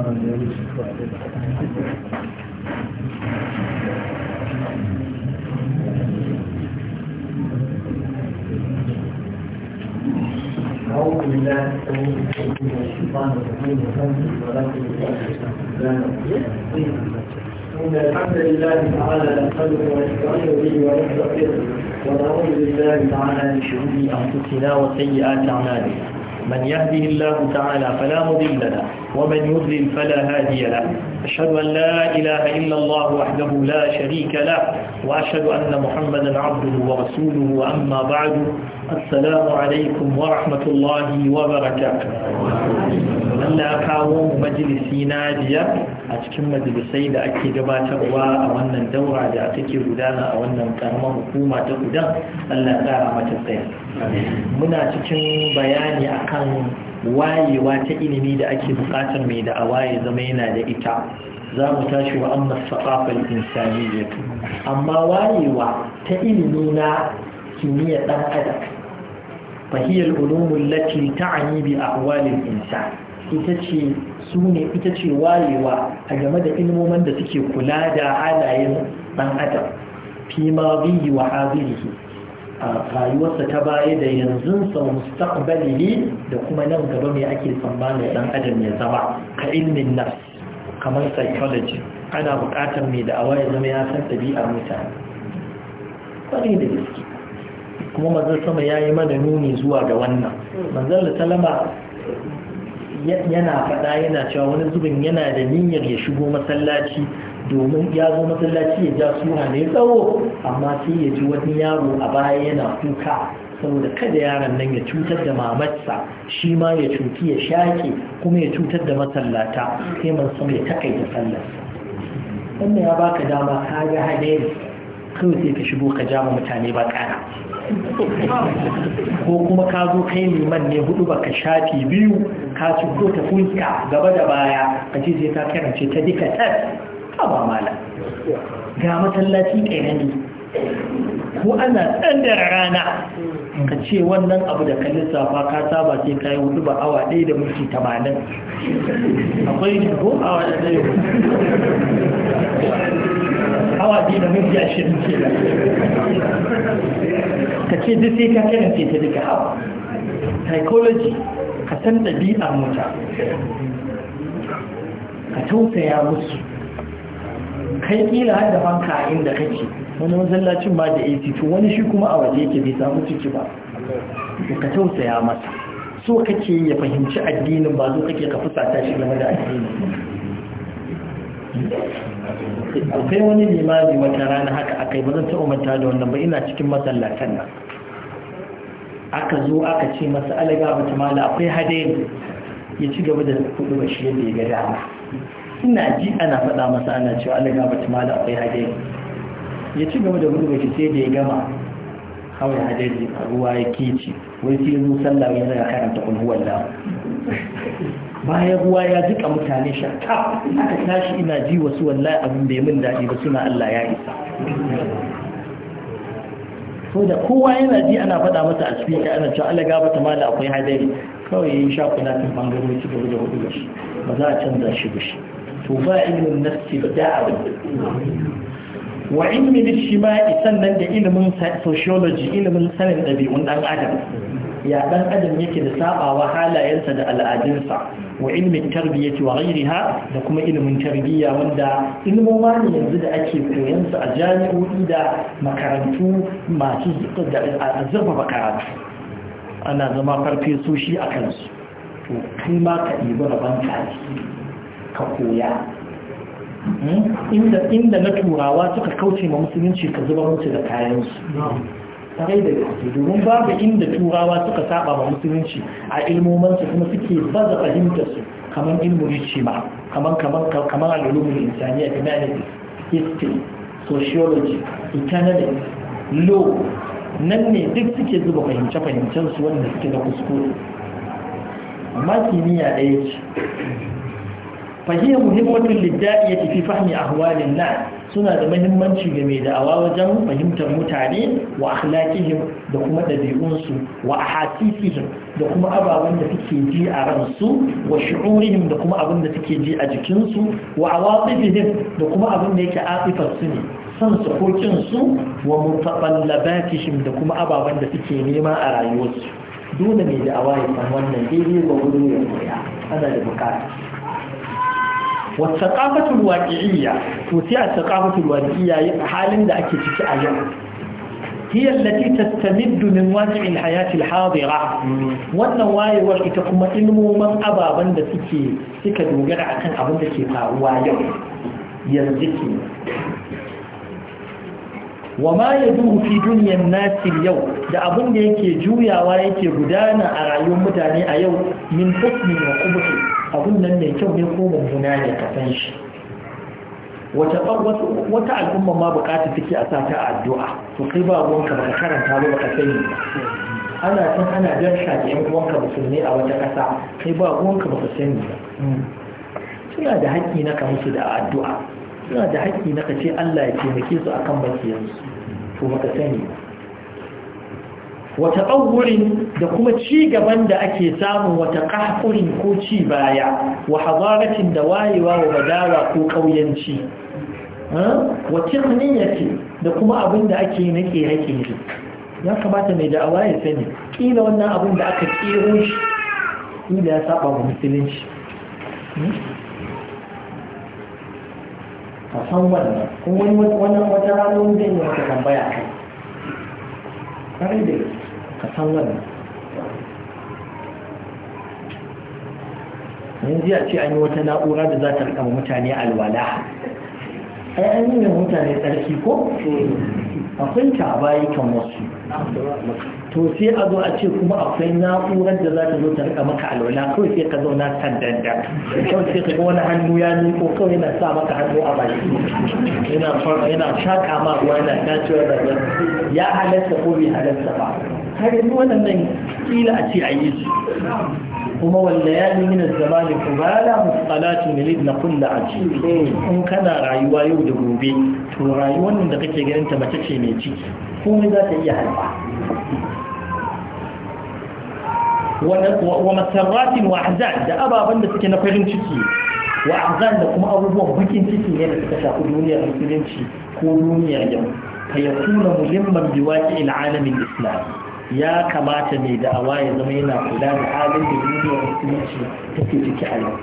أعوذ بالله من الشيطان الرجيم وخمسة ولكن إن الحمد لله تعالى نحمده ونستعين به ونستغفره ونعوذ بالله تعالى من شرور أنفسنا وسيئات أعمالنا من يهده الله تعالى فلا مضل له ومن يضلل فلا هادي له أشهد أن لا إله إلا الله وحده لا شريك له وأشهد أن محمدا عبده ورسوله وأما بعد السلام عليكم ورحمة الله وبركاته أن أقاوم مجلسي نادية a cikin majalisai da ake gabatarwa a wannan daura da take gudana a wannan karamar hukuma ta gudan allah tsara mata tsaye muna cikin bayani akan wayewa ta ilimi da ake bukatar mai da awaye zama yana da ita za mu tashi wa amma saƙafar insaniya amma wayewa ta ilimi na kimiyyar ɗan adam fahiyar ulumun lati ta'ani bi ahwalin insan ita ce su ne ita ce wayewa a game da ilmomin da suke kula da halayen ɗan adam fi ma bihi wa hazirihi a rayuwarsa ta baya da yanzu sau mustaqbalihi da kuma nan gaba mai ake tsammanin ɗan adam ya zama ka ilmin nafs kamar psychology ana buƙatar mai da awa ya zama ya san ɗabi'ar mutane ƙwarai da gaske kuma manzon sama ya yi mana nuni zuwa ga wannan manzon salama yana faɗa yana cewa wani zubin yana da niyyar ya shigo masallaci domin ya zo masallaci ya ja sura mai tsawo amma sai ya ji wani yaro a baya yana kuka saboda kada yaran nan ya cutar da mamatsa shi ma ya cuti ya shaƙe kuma ya cutar da masallata sai man sama ya takaita sallar wannan ya baka dama ka ga hadari kawai sai ka shigo ka ja mutane ba kana ko kuma ka zo kai man ne hudu baka shafi biyu ka ci ko ta fuska gaba da baya a ce sai ka karance ta duka tas ka ba mala ga masallaci ne. ko ana da rana ka ce wannan abu da kan lissafa ka saba sai ka yi hudu ba awa ɗaya da mulki tamanin akwai ko awa da ɗaya awa ɗaya da mulki ashirin ke da ka ce duk sai ka ce ta daga hau psychology ka san ɗabi'ar mota, ka tausaya musu kai kila da banka a inda kake wani masallacin ba da AC to wani shi kuma a waje yake bai samu ciki ba ka tausaya masa so kake ya fahimci addinin ba zo kake ka fusata shi game da addini akwai wani limami wata rana haka aka yi ba zan taɓa manta da wannan ba ina cikin masallatan nan aka zo aka ce masa alaga ba ta mala akwai hadayi ya ci gaba da kudu ba shi yadda ya ga dama ina ji ana faɗa masa ana cewa alaga ba ta mala akwai hadayi ya ci gaba da kudu ba shi sai da ya gama kawai hadayi ruwa ya kici wai sai ya zo sallah ya zaga karanta kulhuwar da bayan ruwa ya jika mutane shaka aka tashi ina ji wasu wallahi abin da ya min daɗi ba suna Allah ya isa so da kowa yana ji ana faɗa masa a cikin ana cewa Allah gaba ta mala akwai hadari kawai yayin sha na kan bangarori ci gaba da hudu da shi ba za a canza shi ba shi to ba ilmin nafsi ba da abin wa ilmin ijtima'i sannan da ilimin sociology ilimin sanin ɗabi'un ɗan adam ya dan adam yake da sabawa halayensa da al'adunsa wa ilmin tarbiyyati wa ghayriha da kuma ilimin tarbiyya wanda ilmoma ne yanzu da ake koyan su a jami'o'i da makarantu masu zurfafa karatu ana zama shi a kansu to kai ma ka ɗibi rabon ka koya hmm? inda na turawa suka kauce ma musulunci ka zuba musu da kayansu kwarai da gaske domin babu inda turawa suka saba ba musulunci a ilmomansu kuma suke baza fahimtar su kamar ilmin shima kamar kamar kamar al'ulumin insaniya humanities history sociology economics law nan ne duk suke zuba fahimce-fahimcen su wanda suke da kuskure amma kimiyya ɗaya ce fahiyar muhimmatin lidda'i ya tafi fahimi a huwalin nan suna da mahimmanci ga mai da'awa wajen fahimtar mutane wa akhlaqihim da kuma dabi'unsu wa ahatihim da kuma ababen da suke ji a ransu wa shu'urihim da kuma abin da suke ji a jikinsu wa awatifihim da kuma abin da yake atifar su ne san sakokin ko su wa mutaqallabatihim da kuma ababen da suke nema a rayuwarsu dole mai da'awa ya san wannan daidai ba gudu ya koya ana da bukata والثقافة الواقعية وسيع الثقافة الواقعية حال ذاك في أجل هي التي تستمد من واقع الحياة الحاضرة والنوايا والإتقم إنمو من أبا بند سكي سكا دوغر عكن أبن دكي فاوايا يرزكي وما يدور في دنيا الناس اليوم da abin da yake juyawa yake gudana a rayuwar mutane a yau min hukmin wa kubuti abun nan mai kyau ne ko mummuna ne ka san shi wata al'umma ma bukata take a sata a addu'a to kai ba ruwanka baka karanta ba baka sani ba ana san ana jan shaƙi yan uwanka musulmi a wata ƙasa kai ba ruwanka baka sani ba suna da haƙƙi na ka musu da addu'a suna da haƙƙi na ka ce Allah ya taimake su akan bakiyansu to baka sani ba wata tsawurin da kuma ci gaban da ake samun wata ƙahƙurin ko ci baya wa hazaratin da wayewa wa badawa ko ƙauyenci. wa tikhniyyati da kuma abin da ake nake ƙere-ƙere ya kamata mai da'awa ya sani ƙila wannan abin da aka ƙero shi ƙila ya saba wa musulunci hmm? a san wannan kuma wani wata ranar zai yi wata tambaya kai da ka san wani. yanzu ya ce an yi wata na'ura da za ta rika mutane alwala ai an yi mutane tsarki ko akwai ta bayi kan wasu to sai a zo a ce kuma akwai na'urar da za ta zo ta rika maka alwala kawai sai ka zauna kan danda kawai sai ka ga wani hannu ya ko kawai yana sa maka hannu a baki yana shaka ma ruwa yana tacewa da ya halatta ko bai halatta ba har yanzu waɗannan kila a ce a yi su kuma wanda ya yi minar zama ne ku ba la musalatin milid na kulla a ce in kana rayuwa yau da gobe to rayuwar da kake ganin ta mace ce mai ciki komai za ta iya haifa wa masarratin wa ahzan da ababen da suke na farin ciki wa da kuma abubuwan bakin ciki ne da suka shafi duniyar musulunci ko duniyar yau fa yakuna muhimman biwaki ila alamin islam ya kamata mai da'awa ya zama yana kula da halin da duniyar musulunci take ciki a yau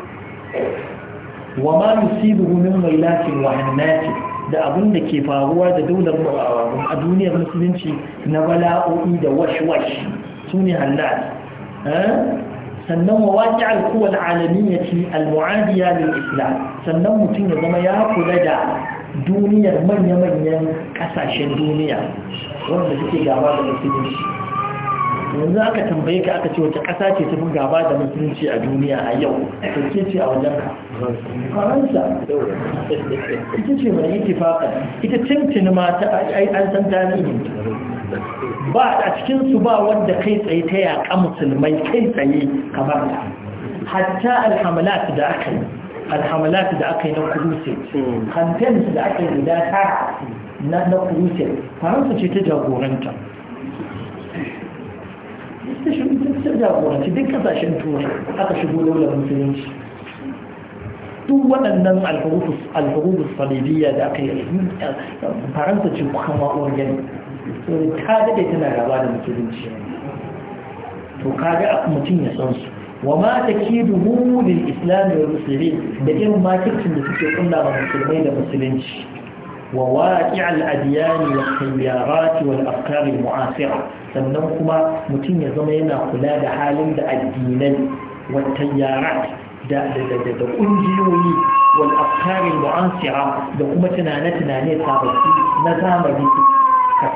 wa ma nusibu min mailatin wa hannati da abun da ke faruwa da daular a duniyar musulunci na bala'o'i da wash-wash su ne hannat eh? sannan wa waƙi alkuwar alamiyyaci al-mu'adiya lil islam sannan mutum ya zama ya kula da duniyar manya-manyan ƙasashen duniya wanda suke gaba da musulunci yanzu aka tambaye ka aka ce wata ƙasa ce ta fin gaba da musulunci a duniya a yau ta ce ce a wajen ka faransa ita ce mai faƙa. ita tintini mata ta ai an san tarihin ba a cikin su ba wanda kai tsaye ta yaƙa musulmai kai tsaye kamar ta hatta alhamalat da aka yi alhamalat da aka yi na kuruse campaigns da aka yi guda tara na kuruse faransa ce ta jagoranta ta jagoranci duk kasashen turai aka shigo daular musulunci duk waɗannan alfahudus salibiyya da aka yi faransa ce kukan wa'uwar gani ta daɗe tana gaba da musulunci to kaga a mutum ya san su wa ma ta ke mu da islami musulmi da irin makircin da suke kunna wa musulmai da musulunci وواقع الأديان والخيارات والأفكار المعاصرة sannan kuma mutum ya zama yana kula da halin da addinai wattayyarat da da ƙungiyoyi wal afkarin da kuma tunane-tunane sababbi na zamani ka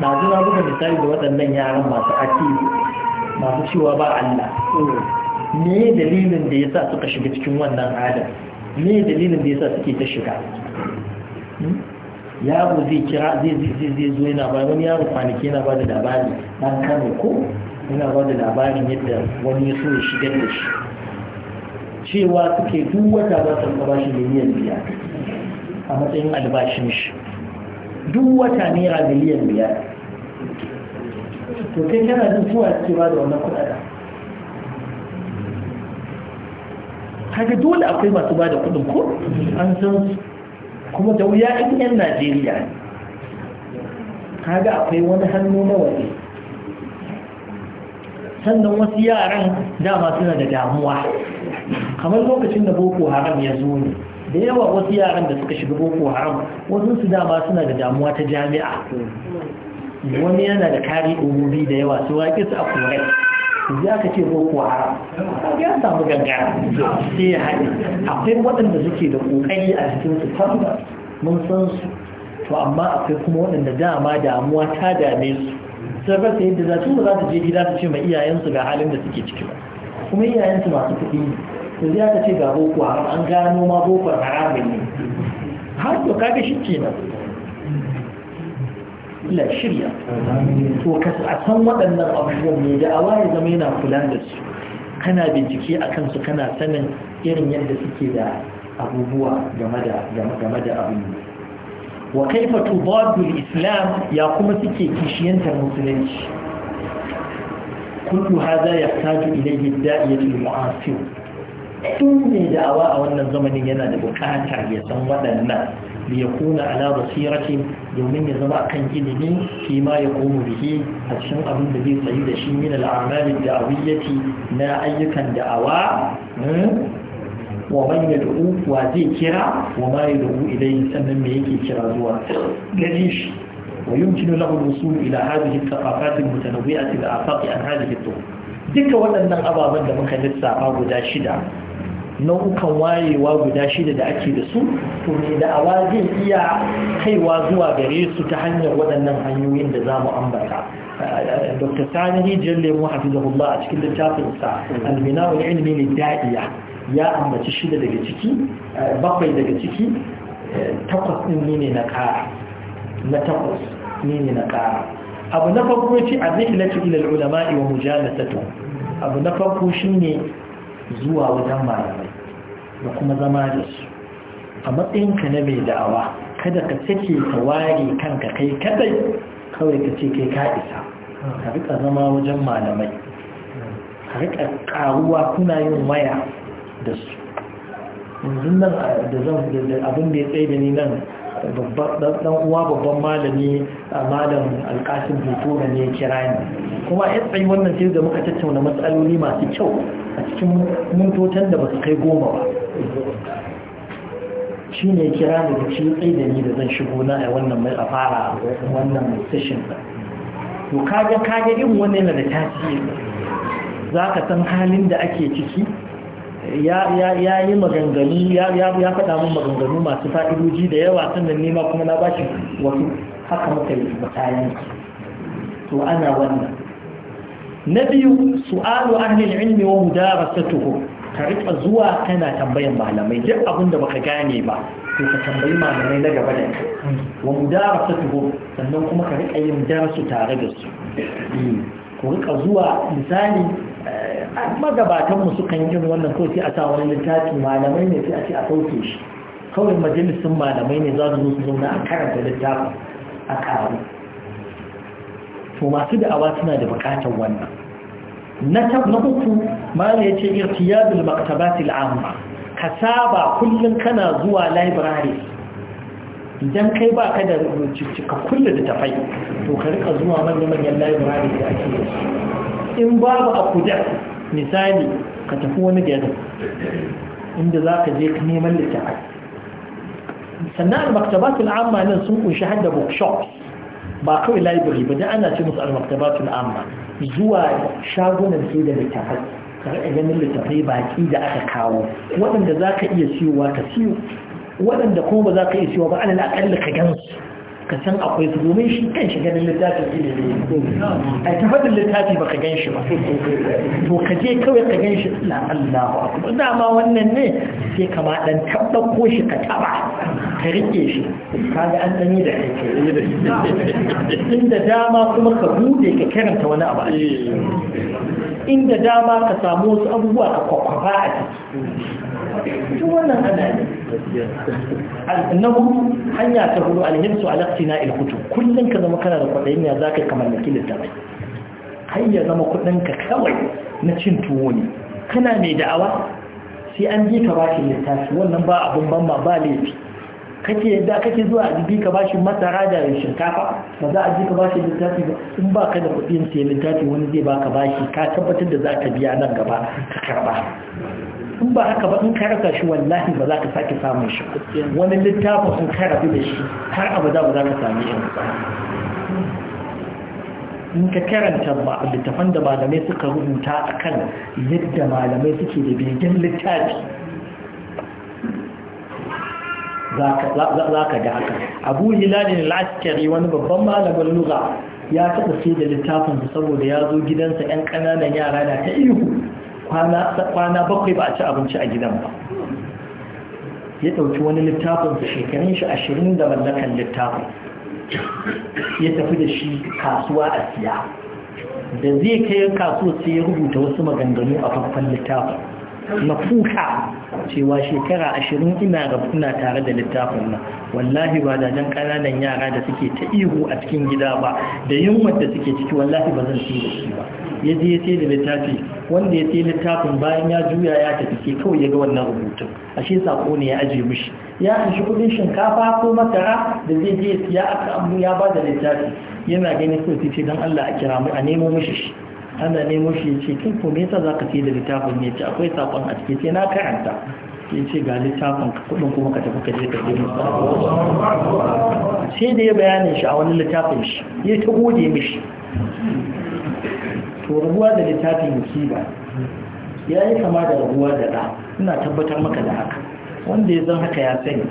na zuwa buga misali da wadannan yaran masu atibi masu cewa ba Allah me dalilin da yasa suka shiga cikin wannan adam me dalilin da yasa suke ta shiga Hmm? yaro zai kira zai zai zo yana ba wani yaro kwanaki yana ba da labari dan kano ko yana ba da labarin yadda wani ya so ya shigar da shi cewa suke duk wata za su ba shi miliyan biyar a matsayin albashin shi duk wata naira miliyan biyar to kai kana jin suwa ce ba da wannan kuɗaɗen kaga dole akwai masu ba da kuɗin ko an san su kuma da wuya in yan najeriya ne kaga akwai wani hannu na waje sannan wasu yaran dama suna da damuwa kamar lokacin da boko haram ya zo ne da yawa wasu yaran da suka shiga boko haram wasu su dama suna da damuwa ta jami'a wani yana da kari umubi da yawa su waƙi su a korai yanzu ka ce boko haram ya samu gangara sai ya haɗe akwai waɗanda suke da ƙoƙari a cikin su mun san su to amma akwai kuma waɗanda dama damuwa ta dame su ba rasa yadda za su ba za su je gida su ce ma iyayensu ga halin da suke ciki ba kuma iyayensu masu kuɗi ne to sai ka ce ga boko haram an gano ma boko haram ne har to kaga shi kenan Allah shirya to ka san waɗannan abubuwan ne da awa ya zama yana kula da su kana bincike a kansu kana sanin irin yadda suke da abubuwa game da abin wa kaifa tubadu islam ya kuma suke kishiyantar musulunci kullu hadha yahtaju ilayhi ad-da'iyatu al-mu'asir Tun ne da'awa a wannan zamanin yana da buƙatar ya san waɗannan liyakuna ala basiratin domin ya zama a kan ilimi shi ma ya koma da ke a cikin abin da zai tsayi da shi min al'amalin da awiyyati na ayyukan da hmm? wa manya da wa zai kira wa ma da'u idan sannan mai yake kira zuwa gari shi wa yi lahu rusul ila hadihi taqafatin mutanawwi'ati da afaqi an hadihi to duka waɗannan ababen da muka lissafa guda shida nau'ukan wayewa guda shida da ake da su to da awa zai iya kaiwa zuwa gare su ta hanyar waɗannan hanyoyin da za mu ambata dr sani rijiyar lemu hafizahullah a cikin littafinsa wani ilimi ne daɗiya. ya ambaci shida daga ciki bakwai daga ciki takwas ɗin ne na ƙara na takwas ne ne na ƙara abu na farko ce a zai ilatu ilal ulama'i wa mujalatatu abu na farko shi ne zuwa wajen malamai da kuma zama da su a matsayinka na mai da'awa kada ka sake ka ware kanka kai kadai kawai ka ce kai ka isa ka rika zama wajen malamai ka rika karuwa kuna yin waya da su yanzu nan da zan da abin da ya tsaye da ni nan dan uwa babban malami a malam alƙasin hutura ne ya kira ni kuma ya tsaye wannan sai da muka tattauna matsaloli masu kyau a cikin mintocin da ba su kai goma ba shi ne kira da shi tsaye da ni da zan shigo na a wannan mai a fara wannan mai session ba to kaga kaga irin wani yana da tasiri za ka san halin da ake ciki ya yi maganganu ya faɗa min maganganu masu fa'idoji da yawa sannan nema kuma na bashi wasu haka muka yi bayan to ana wannan na biyu su'alu ahlil ilmi wa mudarasatuhu ka riƙa zuwa kana tambayan malamai duk abin da baka gane ba to ka tambayi malamai na gaba da kai wa mudarasa tuhu sannan kuma ka rika yin darasu tare da su hmm. ku riƙa zuwa misali eh, magabatan mu sukan yin wannan kawai sai a sa wani littafi malamai ne sai a ce a sauke shi kawai majalisun malamai ne za su zo su zauna a karanta littafin a karu to masu da'awa suna da bukatar wannan na uku mala ya ce irtiyadul maktabatil amma ka saba kullum kana zuwa library idan kai ba ka da cika kulle da tafai to ka rika zuwa manya-manyan library da ake da su in babu a kudar misali ka tafi wani gari inda za ka je ka neman littafai sannan maktabatul amma nan sun kunshi hadda bookshops ba kawai library ba da ana ce musu al-maktabatul amma zuwa shagunan sai da littafai kar ganin littafai baki da aka kawo waɗanda za ka iya siyowa ka siyo waɗanda kuma ba za ka iya siyowa ba alal aƙalla ka gansu ka san akwai su domin shi kan shi ganin littafin ilimi a tafadin littafi ka gan shi ba to ka je kawai ka gan shi la Allahu akbar dama wannan ne sai ka ma dan tabbako shi ka taba ka rike shi ga an dani da kai inda dama kuma ka bude ka karanta wani abu inda dama ka samu wasu abubuwa ka kwakwafa a ciki wannan ana ne na hudu hanya ta hudu alhimsu alaqtina ilkutu kullum ka zama kana da kwaɗayin ya za ka kamar mallaki littafai har ya zama kuɗinka kawai na cin tuwo ne kana mai da'awa sai an ji ka bashi littafi wannan ba abun ban ma ba laifi kake da kake zuwa a ji ka bashi masara da shinkafa ba za a ji ka bashi littafi ba in ba ka da kuɗin sai littafi wani zai baka bashi ka tabbatar da za ka biya nan gaba ka karba in ba haka ba in ka rasa shi wallahi ba za ka sake samun shi wani littafin in ka rabu da shi har abada ba za ka same shi in ka karanta ba littafan da malamai suka rubuta a kan yadda malamai suke da begen littafi za ka ga haka abu hilalin al'askari wani babban malamin lura ya taɓa sai da littafin saboda ya zo gidansa 'yan ƙananan yara na ta ihu kwana bakwai ba a ci abinci a gidan ba ya ɗauki wani littafin da shekarun shi ashirin da mallakan littafin ya tafi da shi kasuwa a siya da zai kai kasuwa sai ya rubuta wasu maganganu a farkon littafin mafuka cewa shekara ashirin ina rafuna tare da littafin nan wallahi ba da jan kananan yara da suke ta ihu a cikin gida ba da yunwar da suke ciki wallahi ba zan su da shi ba ya je sai da littafi wanda ya sai littafin bayan ya juya ya tafi sai kawai ya ga wannan rubutun ashe sako ne ya aje mishi ya anshi kuɗin shinkafa ko masara da zai je ya siya aka abu ya ba da littafi yana ganin sai ce dan Allah a kira mu a nemo mishi shi ana nemo shi ya ce kai ko me yasa za ka da littafin ya ce akwai saƙon a cikin sai na karanta ya ce ga littafin ka kuɗin kuma ka tafi ka je ka je musu sai da ya bayanin shi a wani littafin shi ya ta gode mishi to rabuwa da littafin musiba ya yi kama da rabuwa da ɗa ina tabbatar maka da haka wanda ya zan haka ya sani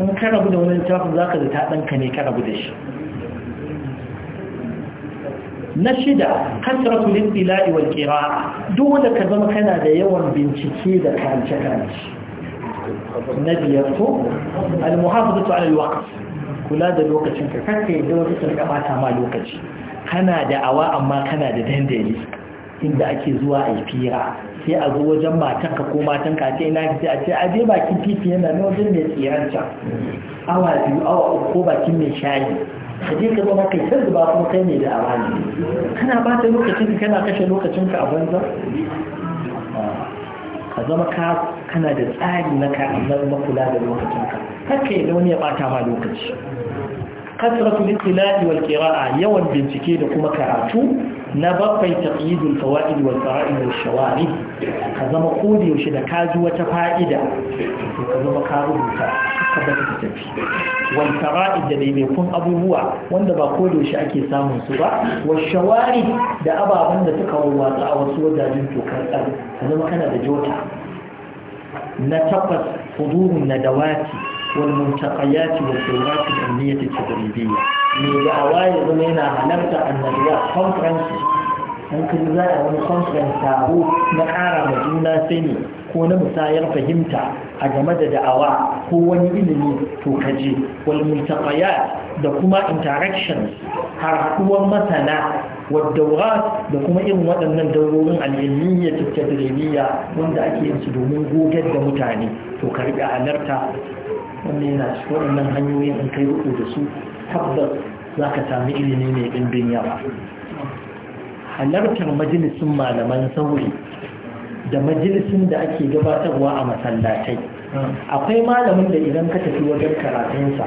in ka rabu da wani littafin za da ta ɗanka ne ka rabu da shi na shida kasratu lil-tila'i wal qira'a dole ka zama kana da yawan bincike da karance karance na biyar ko al-muhafazatu 'ala al-waqt kula da lokacin ka kake da wani sun bata ma lokaci kana da awa amma kana da dandali inda ake zuwa a fira sai a zo wajen matanka ko matanka ce ina ji a ce a je bakin titi yana na wajen mai tsiranta awa biyu awa uku ko bakin mai shayi ka je ka zama kai sai ba kuma kai ne da awali kana ba ta lokacin kana kashe lokacinka ka a banza ka zama ka kana da tsari na ka na kula da lokacin ka kake da wani ya bata ma lokaci kasratu litilai wal qira'a yawan bincike da kuma karatu na bakwai taqyidul fawaid wal qara'id wal shawari ka zama kodi yaushe da kaji wata fa'ida to ka zama ka rubuta ka ba ta tafi wal qara'id da dai kun abubuwa wanda ba kodi yaushe ake samun su ba wal shawari da ababen da suka wawwatsa a wasu wajajen tokar tsaro ka zama kana da jota na tabbas hudurun dawati. والملتقيات والدورات العلمية التدريبية لدعوة يضمين علمت أن الرياء كونفرنس ممكن ذا أن كونفرنس تابو نقارا مجونا سني كون مساير فهمت أجمد دعوة هو إلمي توكجي والملتقيات دكما interactions حركوا مثلا والدورات دكما إن وأن الدورون العلمية التدريبية وأن أكيد سدومين جوجد متعني تكرب أنرتا wannan yana cikin waɗannan hanyoyin in kai uku da su tabbas za ka sami ilimi mai ɗimbin yawa halartar majalisun malaman sauri da majalisun da ake gabatarwa a masallatai akwai malamin da idan ka tafi wajen karatunsa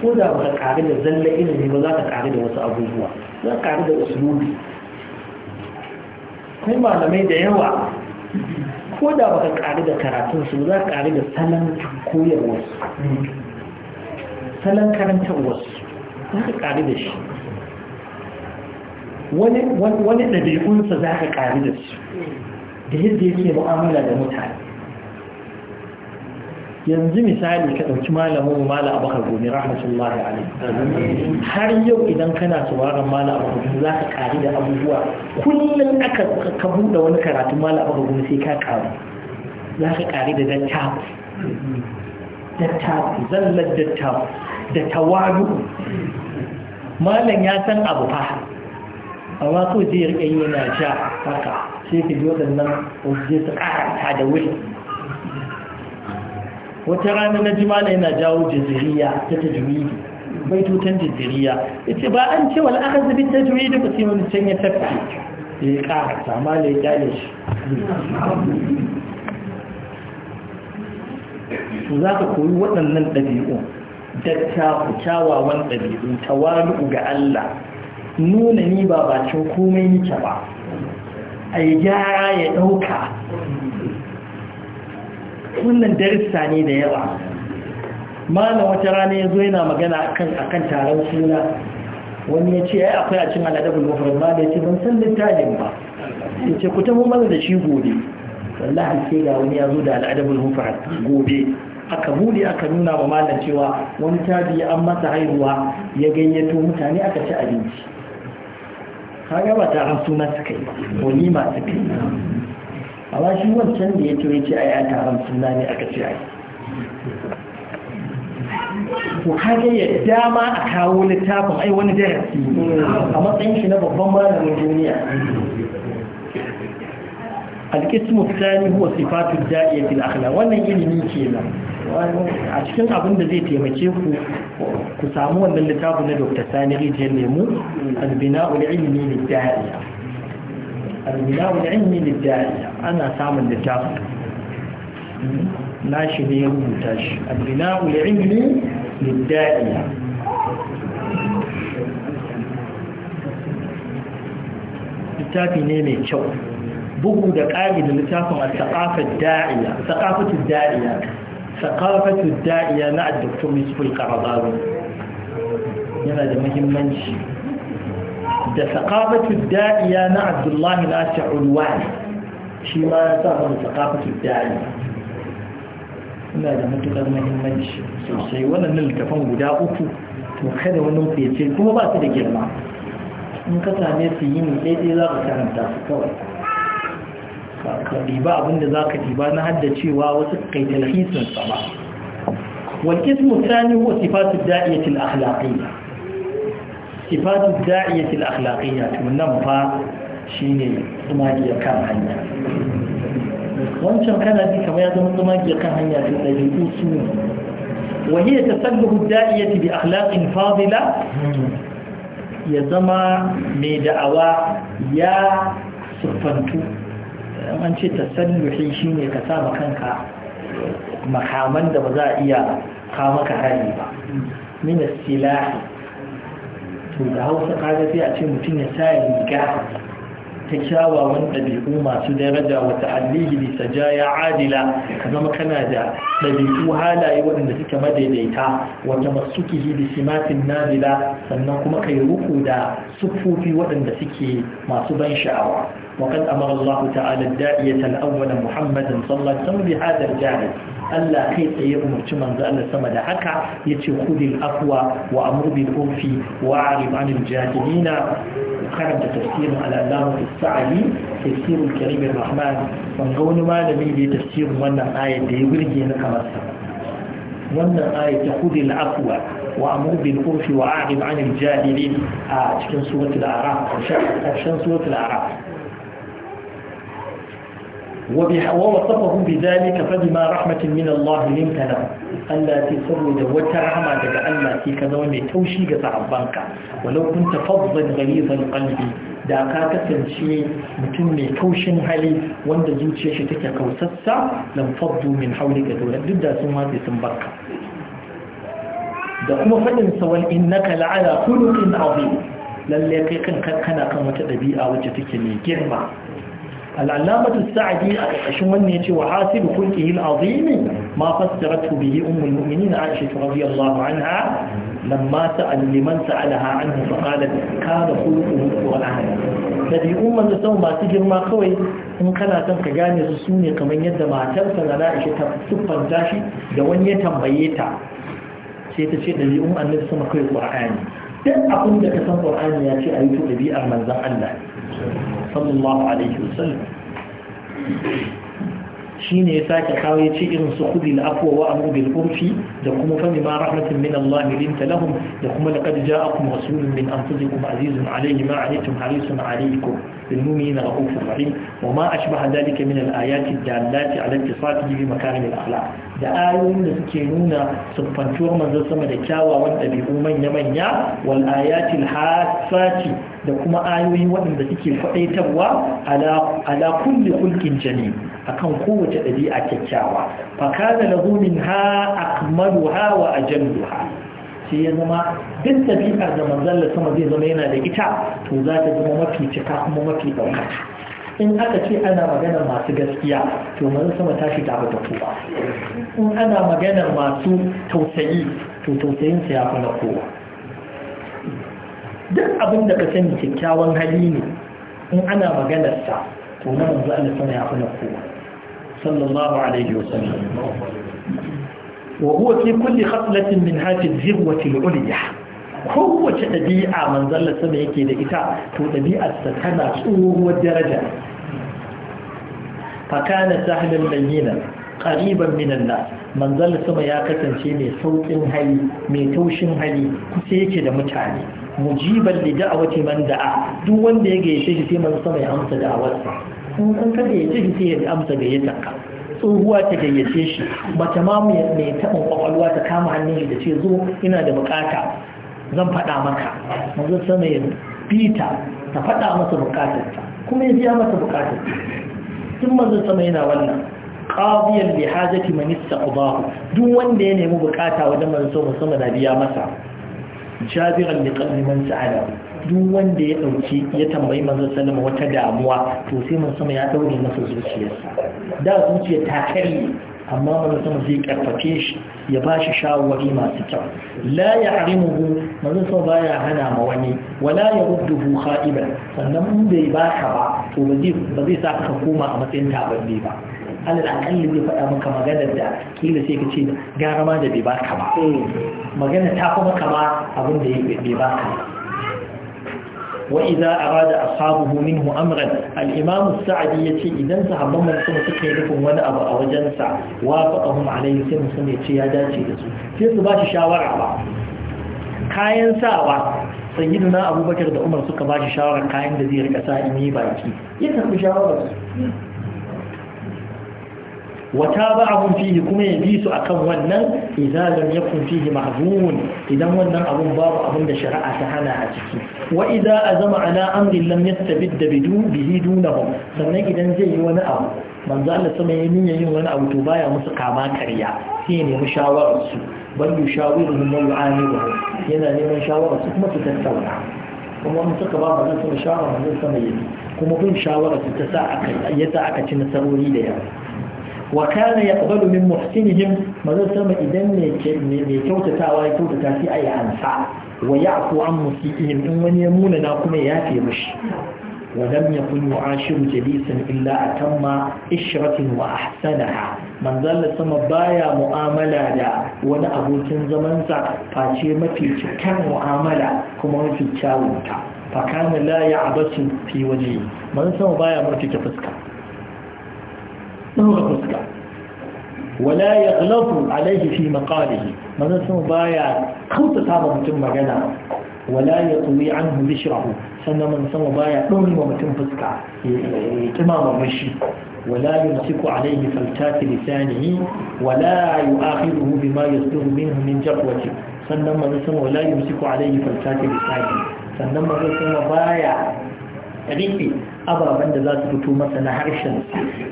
ko da ba ka da zalla ilimi ba za ka ƙari da wasu abubuwa za ka ƙari da usulubi akwai malamai da yawa ko da baka ƙari da karatun su za ka ƙari da salon su, salon su, za ka ƙari da shi wani ɗabi'unsa za ka ƙari da su da yadda yake mu'amala da mutane yanzu misali ka ɗauki malamin mala abakar gobe rahmatullahi alaihi har yau idan kana sauraron mala abakar gobe za ka ƙari da abubuwa kullum aka ka buɗe wani karatu mala abakar gobe sai ka ƙaru za ka ƙari da dattafu. Dattafu zallar dattafu da tawadu malam ya san abu fa amma kawai zai riƙe yana sha haka sai ka ji waɗannan wajen su ƙaranta da wuri wata rana na jimala yana jawo jaziriya ta tajwidi baitutan jaziriya yace ba an ce wal akhadh bi ba sai wani can ya tafi ya ƙara sama da ya kyale shi su za ka koyi waɗannan ɗabi'u datta kyawawan ɗabi'u ta tawalu ga Allah nuna ni ba bacin komai nike ba a yi gyara ya ɗauka wannan darissa ne da yawa mana wata rana ya zo yana magana a kan taron suna wani ya ce ya akwai a cin aladabin mafarar ma da ya ce ban san littafin ba ya ce ku ta mana da shi gobe wallahi sai ga wani ya zo da al'adabul mufrad gobe aka bude aka nuna wa malam cewa wani tabi an masa haihuwa ya gayyato mutane aka ci abinci kaga ba taron suna suka yi ni walima suka yi amma shi wancan da ya to ya ce ai a taron sunna ne aka ce Ku ko kaga ya dama a kawo littafin ai wani darasi a matsayin shi na babban malamin duniya القسم الثاني هو صفات الداعية في Akhla wannan ilimi kenan a cikin abin da zai taimake ku ku samu wannan littafin na Dr. Sani Rijiyar Lemu Albina binau ilimi ilmi daiya البناء العلمي للداعية أنا سامن لتاق ماشي بيه المنتج البناء العلمي للداعية كتابي نيمي تشو بوكو دقائق لتاكم الثقافة الداعية ثقافة الداعية ثقافة الداعية نعد دكتور مصبري قرضاوي يلا ده مهم منشي da saƙafatun da'iya na abdullahi na sha'ulwani shi ma ya sa mana saƙafatun da'iya ina da matuƙar mahimmanci sosai waɗannan littafan guda uku to kada wani fece kuma ba su da girma in ka same su yi ne daidai za ka karanta su kawai ka ɗiba abinda za ka ɗiba na hadda cewa wasu kai talhisinsa ba wal ismu tsani wa sifatu da'iyatul akhlaqiyya sifatu da'iyati al-akhlaqiyya to nan fa shine tsumaki kan hanya wancan kana ji kamar ya zama tsumaki kan hanya to da biyu su وهي تسبب الداعية ya zama mai da'awa ya سفنتو an ce tasalluhi shine ka saba kanka makaman da ba za a iya kama ka hari ba min silahi to da hausa kaga sai a ce mutum ya sa riga ta kyawawan ɗabi'u masu daraja wata alihi bisa ya adila ka zama kana da ɗabi'u halaye waɗanda suka madaidaita wata masuki hidi simatin nazila sannan kuma kai ruku da siffofi waɗanda suke masu ban sha'awa وقد allahu الله تعالى الداعية الأول محمد صلى الله عليه وسلم بهذا Allah kai tsaye umarci manzo Allah sama da haka yace khudil afwa wa amru bil urfi wa arif anil jahilina karanta tafsirin al-allama as-sa'i tafsirin karim rahman wanda wani malami da ya wannan ayar da ya burge na kamar sa wannan ayar ta khudil afwa wa amru bil urfi wa arif anil jahilin a cikin suratul a'raf karshen suratul a'raf ووصفهم بذلك فبما رحمة من الله لنت له ألا تسود وترحمة كألا تكذوني توشيك صعبانك ولو كنت فظا غليظ القلب da ka kasance mutum mai kaushin hali wanda zuciya shi take kausassa lam faddu min hawlika dawla duk da sun sun barka da kuma fadin sa wal innaka la'ala khuluqin azim lalle kai kan kana kan wata dabi'a wacce take mai girma al'alamatu sa'adi a ƙarƙashin wannan ya ce wa hasibu kulkihi al'azimi ma fassaratu bihi ummul mu'minin aisha radiyallahu anha lamma sa'al liman sa'alaha anhu fa qalat kana khuluquhu alquran dabi'un manzo sama masu girma kawai in kana son ka gane su sune kamar yadda matarsa na Aisha ta siffanta shi da wani ya tambaye ta sai ta ce dabi'un annabi sama kai qur'ani duk abin da ka san qur'ani ya ce a to dabi'ar manzon Allah sallallahu alaihi wasallam shine ya sake kawo ya ce irin su khudhi al-afwa wa amru da kuma fa ma rahmatin min Allah linta lahum da kuma laqad ja'akum rasulun min anfusikum azizun alayhi ma anittum harisun alaykum bil mu'minina rahufur rahim wa ma ashbaha dhalika min al-ayati ad-dallati ala ittifaqi bi makarim al-akhlaq da ayoyin da suke nuna siffantuwar manzon sama da kyawawan dabi'u manya manya wal ayati al-hasati da kuma ayoyi waɗanda suke faɗaitarwa ala kulli kulkin jani akan kowace ɗabi'a kyakkyawa fa kana lahu minha akmaluha wa ajalluha sai ya zama duk ɗabi'ar da manzon sama zai zama yana da ita to za ta zama mafi cika kuma mafi ɗaukaka in aka ce ana magana masu gaskiya to manzon sama ta shi tafi ta kowa in ana maganar masu tausayi to tausayinsa ya fi na kowa duk abin da ka sani kyakkyawan hali ne in ana maganar sa to na manzo Allah sama ya fara kowa sallallahu alaihi wa sallam wa huwa fi kulli khaslatin min hadhihi az-zirwati al-ulya kowace ɗabi'a manzo Allah sama yake da ita to ɗabi'ar tana tsohuwar daraja fa kana sahlan bayyana qariban min an manzo Allah sama ya kasance mai saukin hali mai taushin hali kusa yake da mutane mujiban li da'awati man da'a duk wanda ya gaishe shi sai manzo sama ya amsa da'awarsa in kan ka gaishe shi sai ya amsa ka tsohuwa ta gayyace shi mace ma mai taɓin kwakwalwa ta kama hannun shi da ce zo ina da bukata zan faɗa maka manzo sama ya bita ta faɗa masa bukatarta kuma ya biya masa bukatarta tun manzo sama yana wannan qadiyan li hajati man istaqdahu duk wanda ya nemi bukata wajen manzo sama na biya masa jabiran da qalbi man duk wanda ya dauki ya tambayi manzo sallama wata damuwa to sai mun sama ya daure masa zuciyarsa da zuciya ta kare amma manzo sama zai karfafe shi ya bashi shawari masu kyau la ya'rimuhu manzo sama baya hana ma wani wala yarudduhu kha'iban sannan in bai baka ba to ba zai ba zai sa ka koma a matsayin tababbe ba alal akalli zai faɗa maka maganar da kila sai ka ce gara ma da bai ka ba magana ta kuma kama abin da bai baka wa idza arada ashabuhu minhu amran al-imam sadi yace idan sahabban mun kuma suka yi nufin wani abu a wajen sa wafaqahum alayhi sai musu ya ce ya dace da su sai su ba shi shawara ba kayan sawa sayyiduna abubakar da umar suka ba shi shawarar kayan da zai rika sa in yi baki ya karbi shawarar wata ba abun fiye kuma ya bi su akan wannan idan ya kun fiye mahzun idan wannan abun babu abun da shari'a ta hana a ciki wa idan a zama ana amrin lam ya tabi da bidu bihi duna ba idan zai yi wani abu manzo Allah sama ya yin wani abu to baya musu kama karya sai nemi shawarar su bal yushawiru min al'ani wa yana neman shawarar kuma su tattauna kuma mun saka ba mun san shawara mun san mai kuma bin shawara su yasa aka ci nasarori da yawa wa kana yaqbalu min muhsinihim maza sama idan ne kyautatawa ya kyautata sai ayi ansa wa ya'fu an musiihim in wani ya muna na kuma ya yafe mishi wa lam yakun yu'ashiru jalisan illa atamma ishratin wa ahsanaha manzo Allah sama baya mu'amala da wani abokin zaman sa face mafi cikan mu'amala kuma mafi kyawunta fa kana la ya'basu fi waje manzo sama baya murtuke fuska سنو رفسك ولا يغلط عليه في مقاله من سنو بايا خوت تابا متم جنا ولا يطوي عنه بشره سنو من سنو بايا نوم ومتم فسكا تماما مشي ولا يمسك عليه فلتات لسانه ولا يؤاخذه بما يصدر منه من جفوة سنو من سنو لا يمسك عليه فلتات لسانه سنو من سنو بايا ababen da za su fito masa na harshen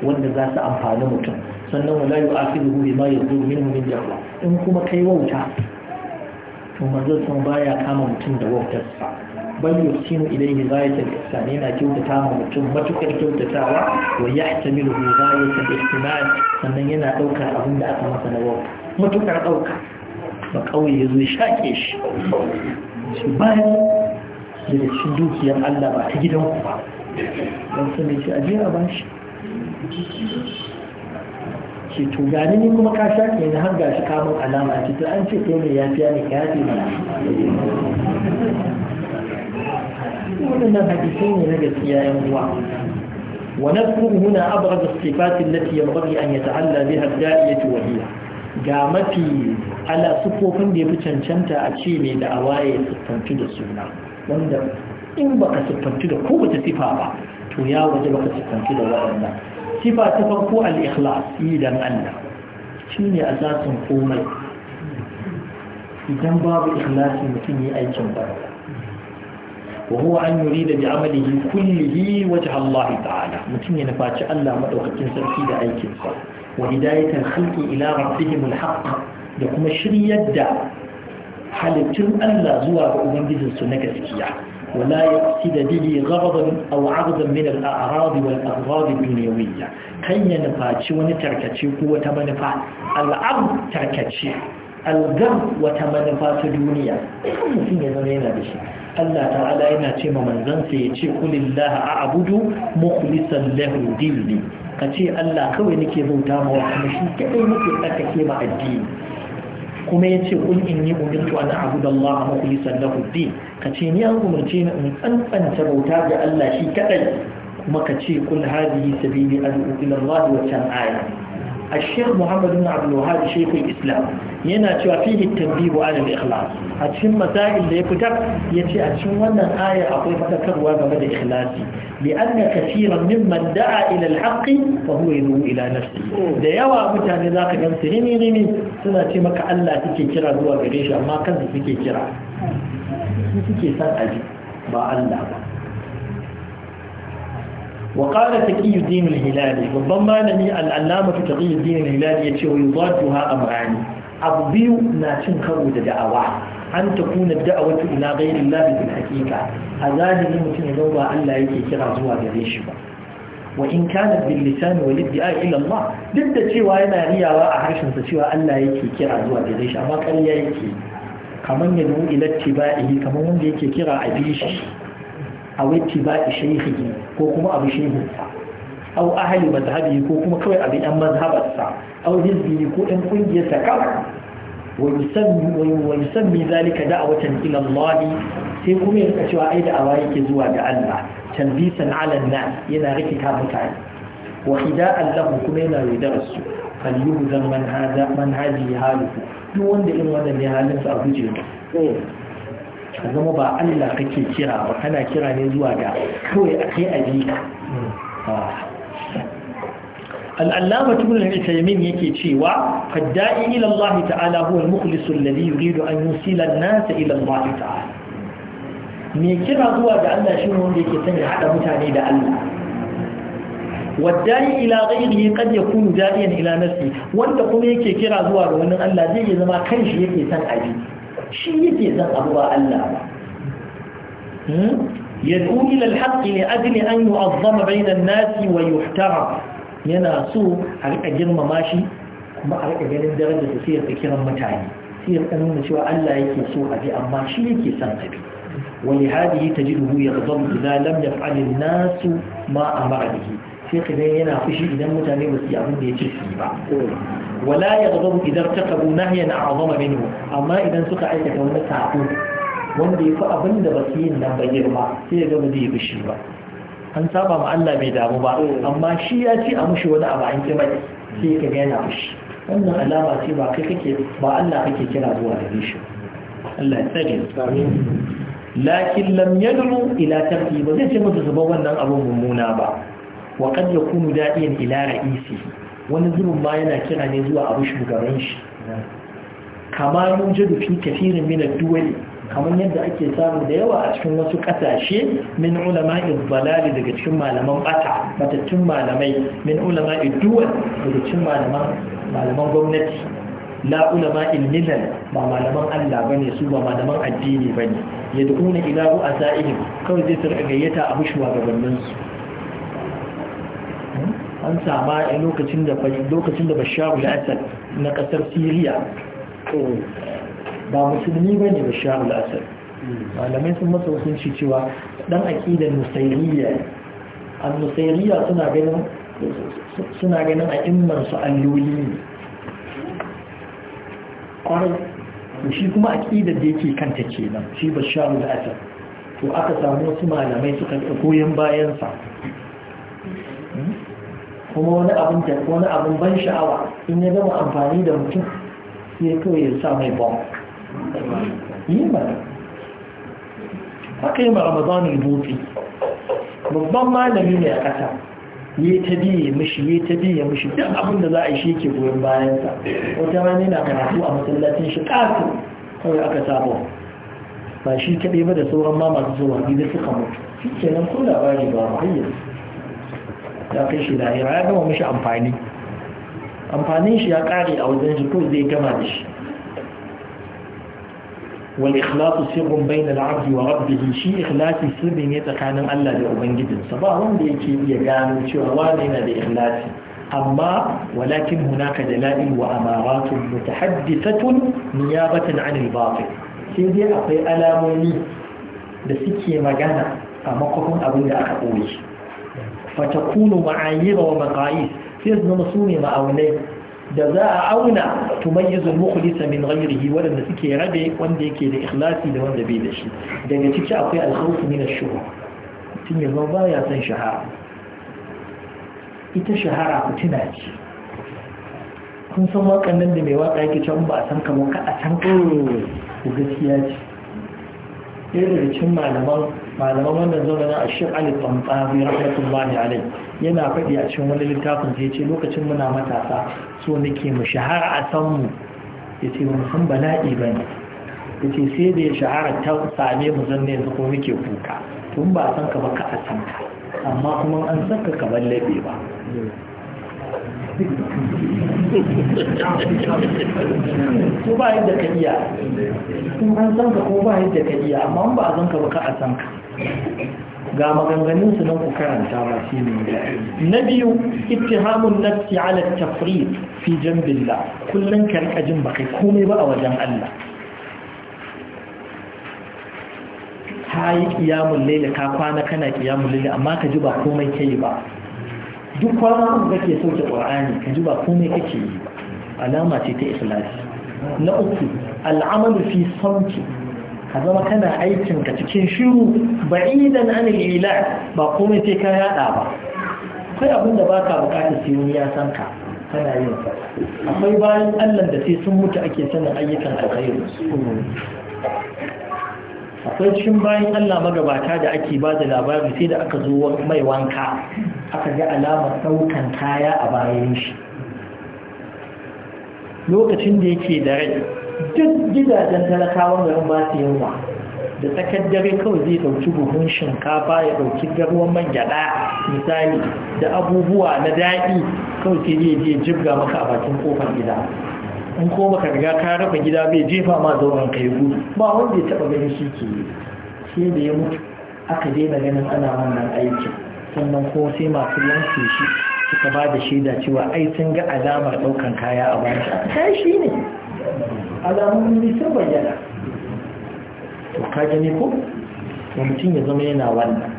wanda za su amfani mutum sannan wala yu akhiruhu bima yadur minhu min jahla in kuma kai wauta to manzo sun baya kama mutum da wautar sa bal yusinu ilayhi ghayatul ihsan yana kyautata ma mutum matukar kyautatawa wa yahtamilu ghayatul ihtimal sannan yana daukar abin da aka masa na wauta matukar dauka ba kauye ya shake shi bayan da cikin dukiyar Allah ba ta gidanku ba don su ne shi a a bashi ce to gani ni kuma ka sha ke na har gashi kamun alama ce to an ce kai ya yafiya ne ka yafe mana waɗannan hadisai ne na gaskiya yan uwa ونذكر هنا ci wahiya. Ga mafi أن يتعلى بها الداعية وهي قامتي على صفوف دي بتنشنت أشيمي دعواي ستنشد السنة وندم in baka siffanci da kowace sifa ba to ya waje ka siffanci da waɗannan sifa ta farko al-ikhlas idan Allah shine asasin komai idan babu ikhlasi mutum yi aikin ba wa huwa an da bi amalihi kullihi wajha Allah ta'ala mutum ya nufaci Allah madaukakin sarki da aikin sa wa hidayatul khalqi ila rabbihim al da kuma shiryar da halittun Allah zuwa ga su na gaskiya ولا يقصد به غرضا أو عرضا من الأعراض والأغراض الدنيوية كي ينفاتش ونتركتش قوة منفع العرض تركتش الغرض وتمنفات الدنيا كم في نظرنا بشي الله تعالى ينا تيما من زنسي يتي قل الله أعبد مخلصا له ديني كتي الله كوي نكي بوتام وحمشي كأي نكي أكي مع الدين kuma ya ce kun in yi umirtu an Abudallah Allah mukhlisan lahu din ka ce ni an umurce ni in tsantsanta bauta ga Allah shi kadai kuma ka ce kul hadhihi sabili ad'u ila Allah wa ta'ala A الشيخ محمد Islam yana cewa شيخ الاسلام ينا تشوا a cikin على da ya fita ya ce a cikin wannan aya akwai fadakarwa game da ikhlasi لان كثيرا ممن دعا الى الحق فهو يدعو الى نفسه da yawa mutane zaka gan su rini rini suna ce maka Allah kike kira zuwa gare shi amma kanka kike kira kike san aji ba Allah ba وقال تقي الدين الهلالي ربما لني العلامة تقي الدين الهلالي يتشي ويضادها أمران أبو بيو ناتن كرو دعوة أن تكون الدعوة إلى غير الله بالحقيقة أذان لمتن يدوى أن لا يكي زوا بريشبا وإن كانت باللسان والادعاء إلى الله ضد تشيوى أنا هي وأحرش أن تشيوى أن لا يكي كرا زوا بريشبا ما كان يكي كمان يدعو إلى اتباعه كمان يكي كرا أبيش a wacce ba a shaifi ko kuma abu shaifinsa au ahali mazhabi ko kuma kawai abin yan mazhabarsa au hizbi ne ko yan kungiyarsa kam wa yusammi zalika da'watan ila Allah sai kuma ya cewa ai da awa yake zuwa ga Allah na ala nas yana rikita ta mutane wa hida'an lahu kuma yana rida su fal manhaji man hada man duk wanda in wannan ne halin sa a guje mu ka zama ba Allah kake kira ba kana kira ne zuwa ga kawai a kai a bi ah. al'allama tun da taimin yake cewa fadda'i ila Allah ta'ala huwa al-mukhlisu alladhi yuridu an yusila an-nasa ila Allah ta'ala me kira zuwa ga Allah shi ne wanda yake sanya hada mutane da Allah wadda'i ila ghayrihi qad yakunu da'iyan ila nafsi wanda kuma yake kira zuwa ga wannan Allah zai zama kanshi yake san abi shi yake zan abu Allah ba hmm? yad'u ila al-haqq li ajli an yu'azzama bayna nasi wa yana so a riƙa girmama shi kuma a riƙa ganin darajar da da kiran mutane sai da nuna cewa Allah yake so a bi amma shi yake son a bi zama تجده lam ya لم nasu ma a mara به sai ka gani yana fushi idan mutane ba su yi abin da ya ce su yi ba wala ya gaba idan ta kabu nahiyan azama minhu amma idan suka aikata wani sako wanda ya fi abin da ba su yin nan ba girma sai ga ba zai yi fushi ba an saba ma Allah bai damu ba amma shi ya ce a mushi wani abu an ki bai sai ka ga yana fushi wannan alama ce ba kai kake ba Allah kake kira zuwa da shi Allah ya tsare lakin lam yad'u ila tarki ba zai ce mutu zuba wannan abun mummuna ba wa kan yakunu da'iyan ila ra'isi wani zurun ma yana kira ne zuwa abu shugaban shi kama ji fi kafirin min duwali kamar yadda ake samu da yawa a cikin wasu kasashe min ulama'in balali daga cikin malaman bata matattun malamai min ulama'in duwal daga cikin malaman gwamnati la ulama'in milal ba malaman Allah bane su ba malaman addini bane yadda kuna ilahu a za'ihim kawai zai sarƙa gayyata abu shugabanninsu an sama a lokacin da lokacin da basharul asad na kasar siriya ba musulmi ba ne al asad malamai sun masa hukunci cewa dan aqidar musayriya an musayriya suna ganin suna ganin a immansu alloli ne shi kuma aqidar da yake kanta kenan shi al asad to aka samu wasu malamai suka koyon bayansa kuma wani abin da wani abin ban sha'awa in ya gama amfani da mutum ya kawai ya sa mai bom yi mana haka yi ma ramadanin bufi babban malami ne a ƙasa ya ta biye mishi ya ta biye mishi duk abin da za a yi shi ke goyon bayansa wata rana yana karatu a masallacin shi ƙasa kawai aka sabo ba shi kaɗai ba da sauran ma masu zuwa gida suka mutu shi kenan ko labari ba mu hayyar ya kai shi lahira ya gama mishi amfani amfanin shi ya kare a wajen shi ko zai gama da shi wal ikhlasu sirrin bayna al-'abdi wa rabbih shi ikhlasi sirri ne tsakanin Allah da ubangijinsa ba wanda yake iya gano cewa wani yana da ikhlasi أما ولكن هناك دلائل tun متحدثة نيابة عن الباطل dai akwai alamomi da suke magana a makofin abin da aka ɓoye fatakunu ma'ayira wa maqayis sai zama su ne ma'aunai da za a auna to yi tumayyizu kulisa min ghayrihi wanda suke rabe wanda yake da ikhlasi da wanda bai da shi daga ciki akwai al-khawf min ash-shuhra tun ya zama baya san shahara ita shahara fitina ce kun san wakan nan da mai waka yake can ba a san kamar ka a san mm. ku gaskiya ce ɗaya daga cin malaman malaman wannan zaune na ashir ali tsamtsari rahmatullahi alai yana faɗi a cikin wani littafin ya ce lokacin muna matasa so nake mu shahara a san ya ce mu san bala'i ba ne ya ce sai da ya shahara ta same mu zanne yanzu ko muke kuka tun ba a san ka ba a san ka amma kuma an san ka kamar laɓe ba ko ba yadda ka iya in an san ka ko ba yadda ka iya amma ba a san ka ba ka a san ka ga maganganun su nan ku karanta ba shi ne na biyu ittihamun nafsi ala tafriq fi jambillah kullun ka rika jin ba kai komai ba a wajen Allah ka yi kiyamun laila ka kwana kana kiyamun laila amma ka ji ba komai kai ba duk kwana uku kake sauke qur'ani ka ji ba komai kake yi alama ce ta ikhlasi na uku al'amalu fi sauki ka zama kana aikin ka cikin shiru ba'idan an ila ba komai sai ka yada ba kai abin baka bukatar sai wani ya san ka kana yin sa akwai bayan Allah da sai sun mutu ake sanin ayyukan alkhairu akwai cikin bayan Allah magabata da ake ba da labari sai da aka zo mai wanka aka ga alamar ɗaukan kaya a bayan shi lokacin da yake da rai duk gidajen talakawan garin ba su yawa da tsakar dare kawai zai dauki buhun shinkafa ya ɗauki garuwan man gyaɗa misali da abubuwa na daɗi kawai sai zai je jibga maka a bakin kofar gida in ko baka riga ka rufe gida bai jefa ma zauren kai gudu ba wanda ya taba ganin shi ke sai da ya mutu aka daina ganin ana wannan aikin sannan ko sai masu yanke shi suka ba da shaida cewa ai sun ga alamar ɗaukan kaya a bashi kai shi ne alamun ne sun bayyana to ka gani ko wa mutum ya zama yana wannan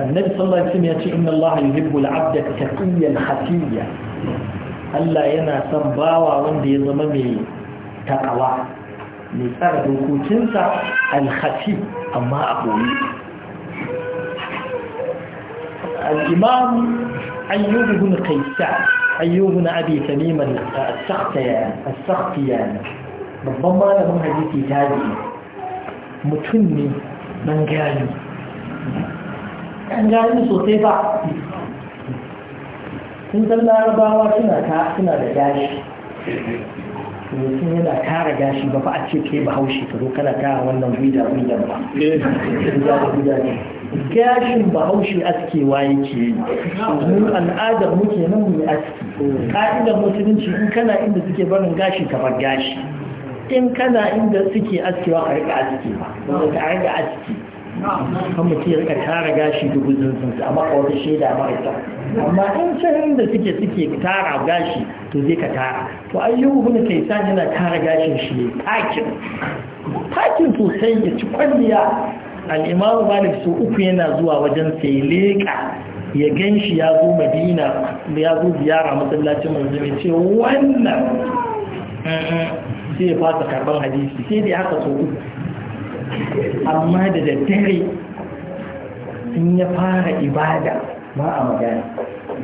annabi sallallahu alaihi wasallam ya ce inna allaha yuhibbu al-'abda taqiyyan hafiyya Allah yana son bawa wanda ya zama mai takawa mai tsara dokokinsa al-khafi amma a koyi الإمام أيوب بن قيسان أيوب بن أبي سليم السختيان السختيان ربما لهم حديث تالي متني من قال من قال صوتي بعض إن الله ربا وشنا كاسنا لجاش mutum yana kara gashi ba fa a ce ke ba haushi ka zo kana kara wannan guida guida ba guida guida ne gashin bahaushe askewa yake yi mun al'adar muke nan mu aski ka'idar musulunci in kana inda suke barin gashi ka bar gashi in kana inda suke askewa ka rika aski ba ka rika aski kan mutum ya rika tara gashi dubu zunzun amma kawai shaida ma ita amma in can inda suke suke tara gashi to zai ka tara to ayyuhu bin kai sa yana tara gashin shi takin takin sosai ya ci kwalliya al'imamu malik su uku yana zuwa wajen sai leƙa ya gan shi ya zo madina ya zo ziyara masallacin manzo ce wannan sai ya fasa karban hadisi sai ya haka so uku amma da daddare in ya fara ibada ba a magana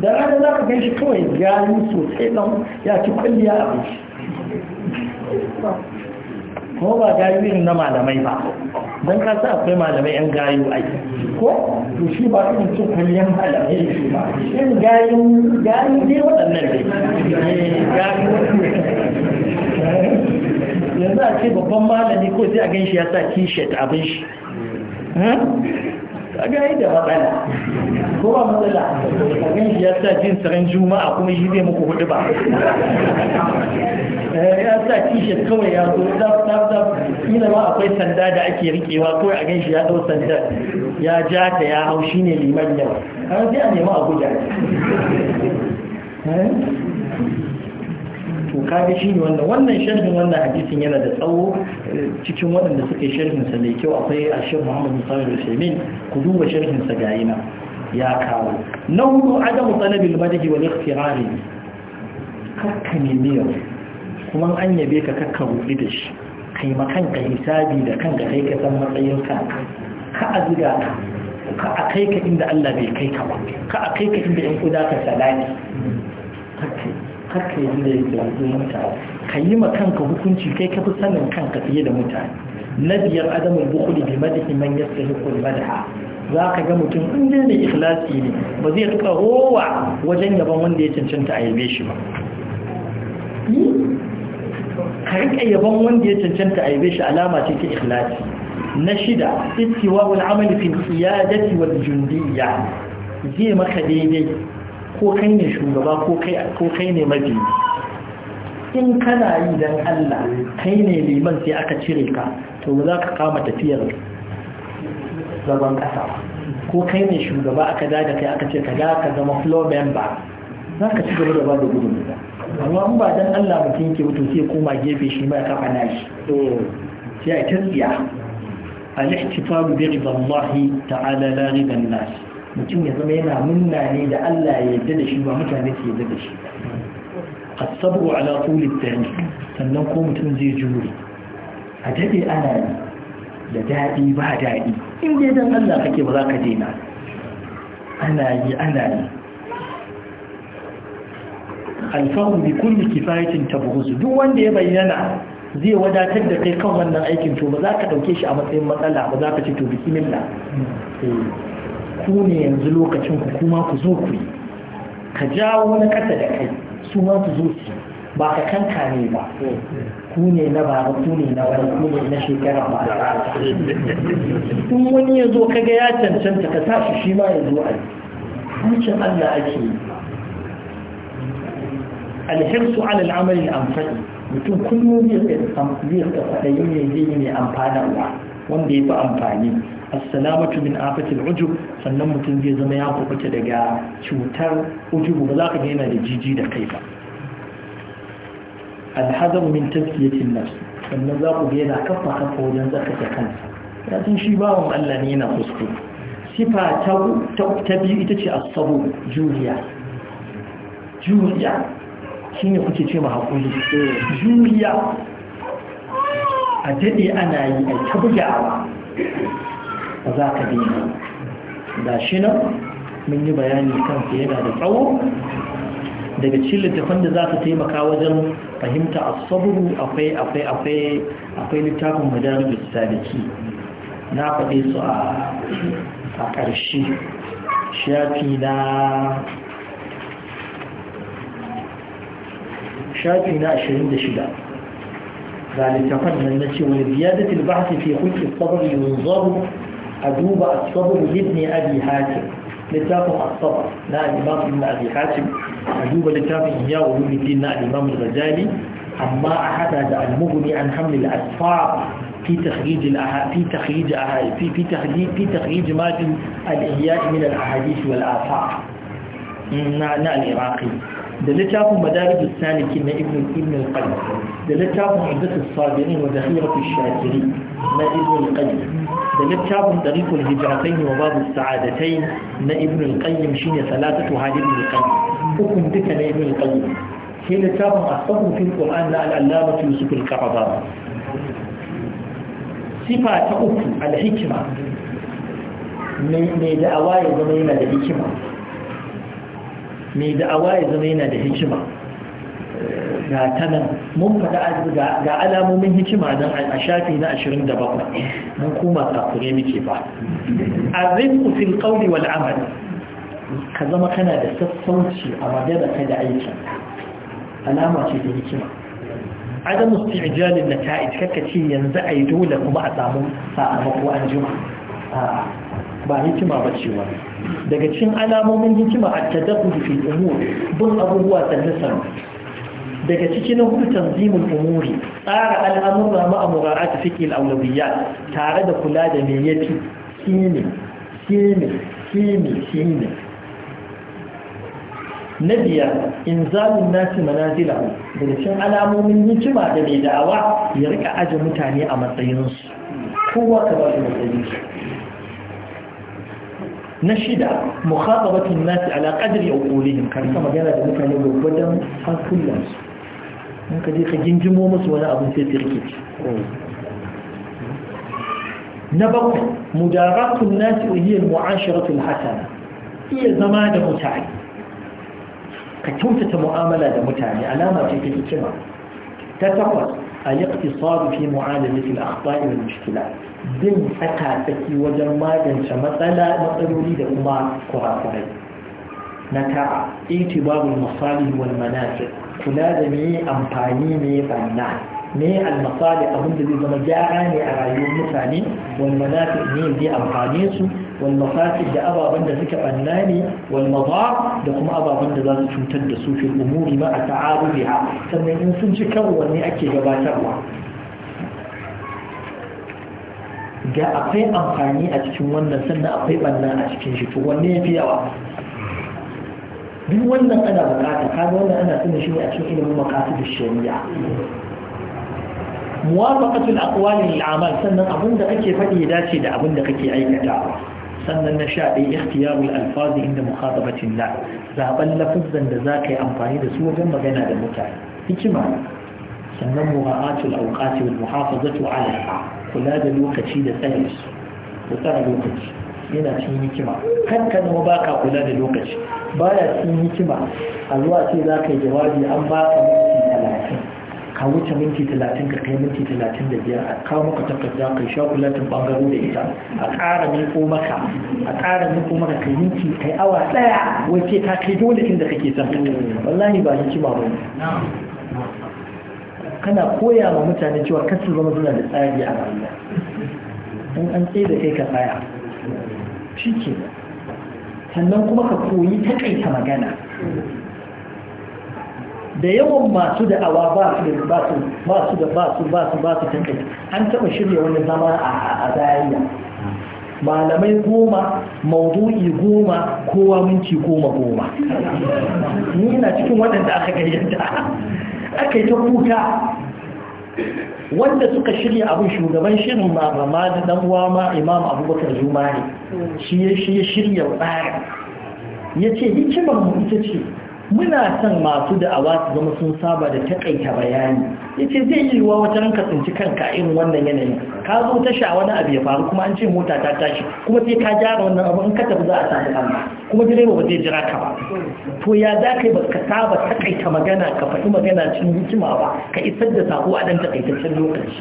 da rana za ka gan shi kawai gani sosai don ya ci kwalliya a shi Ko ba gayu na malamai ba don ka sa akwai malamai yan gayu yi ko to shi ba irin cin kwalliyar malamai da shi ba yan gayu gayu da waɗannan dai eh, gayu yanzu a ce babban malami ko sai a gan shi ya sa t-shirt abin shi eh? a da matsala ko ba matsala kaga shi ya sa jin tsarin juma'a kuma shi zai muku hudu ba eh, ya sa t kawai ya zo zaf zaf zaf kila ma akwai sanda da ake rikewa kawai a shi ya zo sanda ya ja ta ya hau ne liman yau har sai a nemi a guja eh? to kaga shi ne wannan wannan sharhin wannan hadisin yana da tsawo eh, cikin waɗanda suka yi sharhin sa mai kyau akwai ashir muhammad musamman usaimin ku duba sharhin sa gayi na ya kawo na hudu adam talabil madahi wal ikhtirari kakka ne miyar kuma an yabe ka kakka rufi da shi kai ka hisabi da kanka kai ka san matsayin ka ka a ziga ka Ka a kai ka inda Allah bai kai ka ba ka a kai ka inda yan kuda ka salati kakka kakka yi ne da wajen mutane ka yi ma kanka hukunci kai ka fi sanin kanka fiye da mutane na biyar adamul bukuli bi madihi man yastahiqul madha za ka ga mutum in dai da ikhlasi ne ba zai rika rowa wajen yaban wanda ya cancanta a yabe shi ba hmm? ka rika yaban wanda ya cancanta a yabe shi alama ce ta ikhlasi na shida istiwa wal amali fil qiyadati wal jundiyya zai maka daidai ko kai ne shugaba ko kai ne mafi in kana yi don Allah kai ne liman sai aka cire ka to za ka kama tafiyar zaban kasa ko kai ne shugaba aka da kai aka ce ka da ka zama floor member za ka ci gaba da ba da gudun da amma in ba don Allah mutum ke wuto sai koma gefe shi mai kafa nashi sai a tarbiya al-ihtifalu bi ridallahi ta'ala la ridan nas mutum ya zama yana munna ne da Allah ya yadda da shi ba mutane su yadda da shi as-sabru ala tuli tani sannan ko mutum zai jure a dade ana yi da dadi ba dadi in dai dan Allah kake ba za ka daina ana yi ana yi alfahu bi kulli kifayatin tabghuzu duk wanda ya bayyana zai wadatar da kai kan wannan aikin to ba za ka dauke shi a matsayin matsala ba za ka ce to bismillah eh. ku ne yanzu lokacin ku kuma ku zo ku yi ka jawo wani ƙasa da kai su ma ku zo su ba ka kanka ne ba ku ne na bara ku ne na bara ku ne na shekara ba in wani ya zo kaga ya cancanta ka sa shi shi ma ya zo a yi hukuncin Allah ake yi alhirsu ala al'amarin amfani mutum kullum da faɗayi ne zai yi mai amfanarwa wanda ya fi amfani assalamatu min afatil ujub sannan mutum zai zama ya kubuta daga cutar ujub ba za ka ga yana da jiji da kai ba alhazar min tazkiyatin nafs sannan za ku ga yana kafa kafa wajen ta kansa ya san shi bawan Allah ne yana kuskure sifa ta biyu ita ce asabu juriya juriya shi ne kuke ce ma juriya a daɗe ana yi a ta ba za ka daina da shi nan mun yi bayani kansa yana da tsawo daga cikin littafin da za ta taimaka wajen fahimta a saburu akwai akwai akwai akwai littafin madarij sadiki na faɗe su a ƙarshe shafi na shafi na 26 ga littafin nan na ce wani biya ziyadatul bahsi fi hulki sabr yunzaru أدوب الصبر لابن أبي حاتم لتاكم الصبر لا الإمام ابن أبي حاتم أدوب لتاكم إياه وابن الدين الإمام نعم، الغزالي أما أحد هذا المغني عن حمل الأسفار في تخريج الأح... في تخريج أح... في في تخريج في تخريج ما في الإحياء من الأحاديث والآثار نا نا العراقي ده مدارج مدارج السالكين ابن ابن القيم ده عدة الصابرين وذخيرة الشاكرين ما ابن القيم da littafin darikul hijratain wa babu sa'adatain na ibn al-qayyim shine salatatu hadith al-qayyim hukun duka na ibn al-qayyim sai littafin asbahu fil qur'an na al-allamah yusuf al-qaradawi sifa ta uku al-hikma mai da'awa ya zama yana da hikima mai da'awa ya zama yana da hikima ga tanan mun faɗa ga alamomin hikima don a shafi na 27 mun kuma kafure muke ba a zai fil ƙauri wal amal ka zama kana da sassauci a magana ka da aiki alama ce ta hikima adam isti'jalin nata'ij kaka ce yanzu a yi dole kuma a samu sakamako an jima ba hikima ba ce wani daga cin alamomin hikima a tadabbur fi umur bin abubuwa sanne sanne daga cikin na hudu tanzimin umuri tsara al'amurra ma'amurara ta fiƙi al'aulawiyya tare da kula da me ya fi shine shine shine shine na biyar in zamin nasi manazila daga cikin alamomin hikima da mai da'awa ya rika aje mutane a matsayinsu kowa ka ba su matsayinsu na shida mukhatabatun nasi ala qadri uqulihim kan sama yana da mutane gurgudan hankulansu in ka je ka gingimo musu wani abin sai su rikici na bakwai mudaratun nasi uhiyar mu'asharatul hasana iya zama da mutane ka kyautata mu'amala da mutane alama ce ta hikima ta takwas الاقتصاد في معالجة الأخطاء والمشكلات دين فتا تكي وجن ما دنش مثلا مطلولي دقما كرافرين نتاع اعتبار المصالح والمنافع kula da me amfani ne banna me almasali abin da zai zama gyara ne a rayuwar mutane wal manafi ne zai amfane su wal da ababen da suke banna ne wal da kuma ababen da za su cutar da su fil umuri ma a ta'arubiha sannan in sun ci kan ne ake gabatarwa ga akwai amfani a cikin wannan sannan akwai banna a cikin shi to wanne ya fi yawa duk wannan ana bukata kaga wannan ana tuna shi ne a cikin ilimin makasid shari'a muwafaqatul aqwali lil a'mal sannan abin da kake faɗi ya dace da abin da kake aikatawa sannan na sha ɗaya ikhtiyarul alfazi inda mukhatabatin la zaben lafazan da za ka yi amfani da su wajen magana da mutane hikima sannan mura'atul awqati wal muhafazatu alaiha kula da lokaci da tsayin su ku tsara lokaci yana cikin hikima kan ka zama baka kula da lokaci baya cikin hikima a zuwa ce za ka yi jawabi an ba ka minti talatin ka wuce minti talatin ka kai minti talatin da biyar a kawo maka takarda kai sha kulatin bangaro da ita a ƙara mai maka a ƙara mai maka ka minti kai awa ɗaya wace ta ka kai dole inda kake son wallahi ba hikima ba ne kana koya ma mutane cewa kasu zama suna da tsari a rayuwa in an tsaye da kai ka tsaya shi ke sannan kuma ka koyi takaita magana da yawan masu da'awa ba su da ba su ba su da ba su ba su ba su takaita an taba shirya wani zama a zayayya malamai goma maudu'i goma kowa minti goma goma ni ina cikin waɗanda aka gayyata aka yi ta kuka wanda suka shirya abin shugaban shirin ma ba ma dan uwa ma imam abubakar zuma ne mm. shi ya shirya tsarin ya ce hikimar mu ita ce muna son masu da'awa su zama sun saba da takaita bayani ya ce zai yi wa wata ranka tsinci kanka irin wannan yanayin ka zo ta sha wani abu ya faru kuma an ce mota ta tashi kuma sai ka gyara wannan abu in ka tafi za a samu kanka kuma direba ba zai jira ka ba to ya za ka yi saba takaita magana ka faɗi magana cikin hikima ba ka isar da sako a ɗan takaitaccen lokaci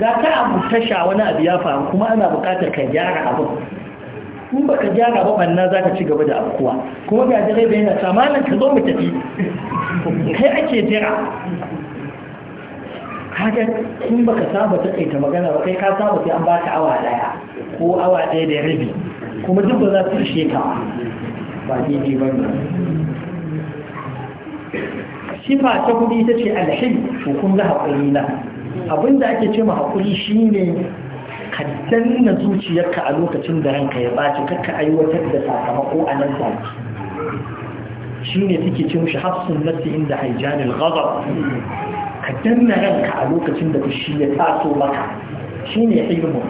ga ka abu ta sha wani abu ya faru kuma ana buƙatar ka gyara abin in ba ka gyara ba banna za ka ci gaba da afkuwa kuma ga direba yana samanin ka zo mu tafi kai ake jira kaga in ka saba ta kaita magana ba kai ka saba sai an ba ka awa daya ko awa daya da rabi kuma duk ba za su ishe ka ba daidai ba ne sifa ta kudi ita ce alhim ko kun ga haƙuri na abinda ake ce ma haƙuri shine ka danna zuciyarka a lokacin da ranka ya ɓaci kakka aiwatar da sakamako a nan zaki shi ne suke ce mushi hafsun nasi inda haijanin Gagab? ka danna ranka a lokacin da fushi ya taso maka shi ne ilmin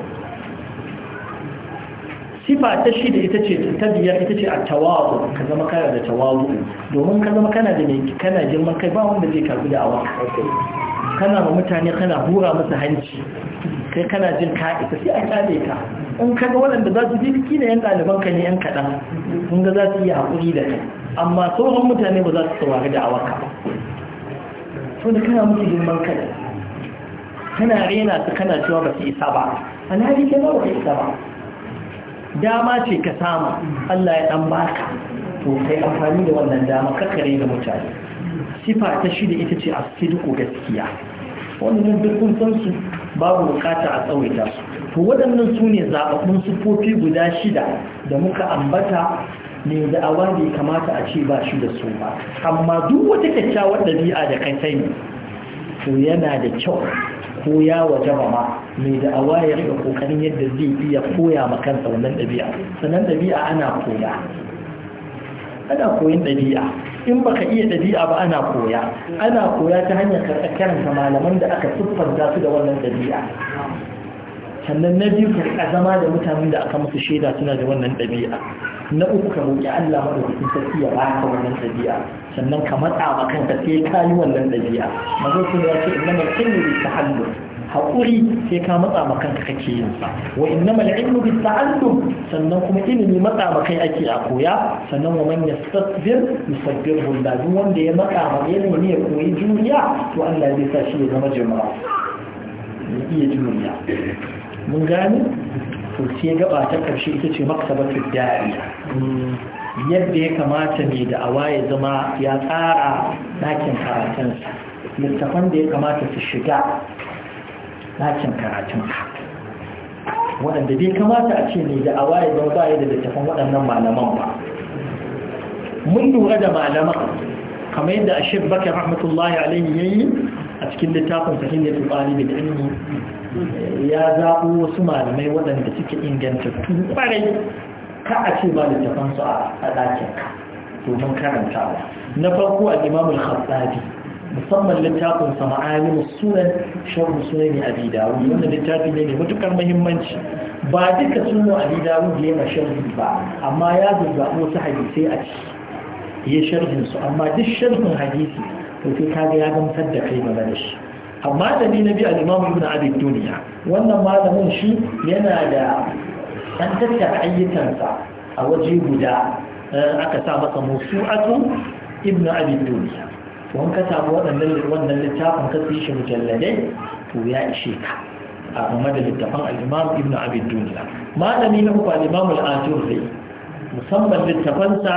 sifa ta da ita ce ta biyar ita ce a tawazu ka zama kana da tawazu domin ka zama kana da mai kana girman kai ba wanda zai karbi da awa kana ma mutane kana hura musu hanci kai kana jin ka ita sai a kyale ka in ka ga waɗanda za su ji kila yan ɗaliban ka ne yan kaɗan kun ga za su iya haƙuri da kai amma sauran mutane ba za su saurari da awaka ba to da kana musu girman kai kana rena su kana cewa ba su isa ba alhali ke ba ba isa ba dama ce ka samu Allah ya dan baka to kai amfani da wannan dama kakare da mutane sifa ta da ita ce asidiku gaskiya wannan duk kun san su babu bukata a tsawaita su to waɗannan su ne zaɓaɓɓun sufofi guda shida da muka ambata ne da awa ya kamata a ce ba shi da su ba amma duk wata kyakkyawar ɗabi'a da kai ne. to yana da kyau Koya wa wajaba mai da awa ya rika kokarin yadda zai iya koya ma kansa wannan ɗabi'a sannan ɗabi'a ana koya ana koyin ɗabi'a in baka iya ɗabi'a ba ana koya ana koya ta hanyar karanta malaman da aka siffanta su da wannan ɗabi'a sannan na biyu karɓa zama da mutanen da aka musu shaida suna da wannan ɗabi'a na uku ka roƙi Allah madaukakin sarki ya ka wannan ɗabi'a sannan ka matsa ma kanka sai ka yi wannan ɗabi'a mazo sun ya ce inna mal ilmu bi ta'allum haƙuri sai ka matsa ma kanka kake yin sa wa inna mal ilmu bi ta'allum sannan kuma ilimi matsa ma kai ake a koya sannan wa man yastasbir yusabbirhu Allah duk wanda ya matsa ma ilimi ya koyi juriya to Allah zai sa shi ya zama jama'a ya iya juriya mun gane to sai gaba ta karshe ita ce maktabatul da'i yadda ya kamata mai da'awa ya zama ya tsara ɗakin karatunsa littafan da ya kamata su shiga ɗakin karatunsa waɗanda bai kamata a ce mai da'awa ya zama baya da littafan waɗannan malaman ba mun lura da malaman kamar yadda a ashir bakar rahmatullahi alaihi yayi a cikin littafin sahihatul talib ilmi ya zaɓo wasu malamai waɗanda suke inganta ƙwarai ka a ce ba su a ɗakin ka domin karantawa na farko a imamul khattabi musamman littafin sama'ani sunan sharhu ne a dawud wannan littafi ne mai matukar muhimmanci ba duka a abi dawud ya ma sharhi ba amma ya zazzabi wasu hadisai a ciki ya sharhin su amma duk sharhin hadisi to sai ka ga ya gamsar da kai game da shi amma da ni na bi al-imam ibn abi duniya wannan malamin shi yana da an tattara ayyukansa a waje guda eh, aka sa masa musu'atu ibn abi duniya to an ka samu waɗannan wannan littafin ka shi mujalladai to ya ishe ka a game da littafin al-imam ibn abi duniya malami na uku al-imam al-ajurri musamman littafansa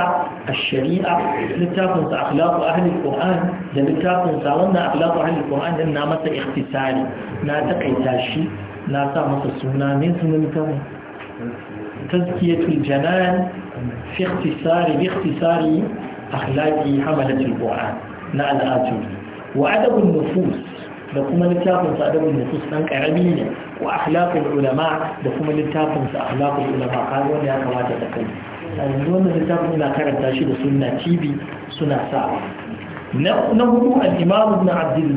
a shari'a littafinsa akhlaqu ahli alquran da littafinsa wannan akhlaqu ahli alquran din na masa ikhtisari na takaita shi na sa masa suna ne sunan littafin tazkiyatul janan fi ikhtisari bi ikhtisari akhlaqi hamalat alquran na al'adun. wa adabun nufus da kuma littafin sa adabin nufus ɗan ƙarami ne wa akhlaqul ulama da kuma littafinsa akhlaqul ulama kaga wanda ya kamata da kai a yanzu wannan littafin ina karanta shi da suna tv suna sawa na hudu al-imam ibn abdul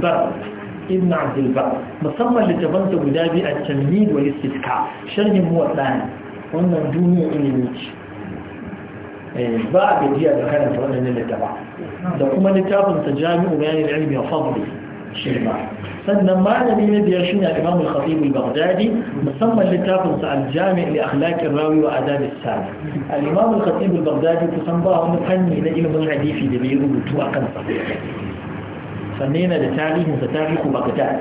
ibn abdul musamman littafin sa guda biyu at-tamhid wani sitka. sharhin muwaddan wannan duniya ilimi ce eh, ba a gajiya da karanta wannan littafin da kuma littafin sa jami'u bayan ilmi wa fadli الشيخ معنا سنما الذي يشن الإمام الخطيب البغدادي مسمى اللتاف الجامع لأخلاق الراوي وأداب السامع الإمام الخطيب البغدادي تسمى مفني لإلم الحديث دبير وطوء قنصة سنين لتاريخ ستاريخ بغداد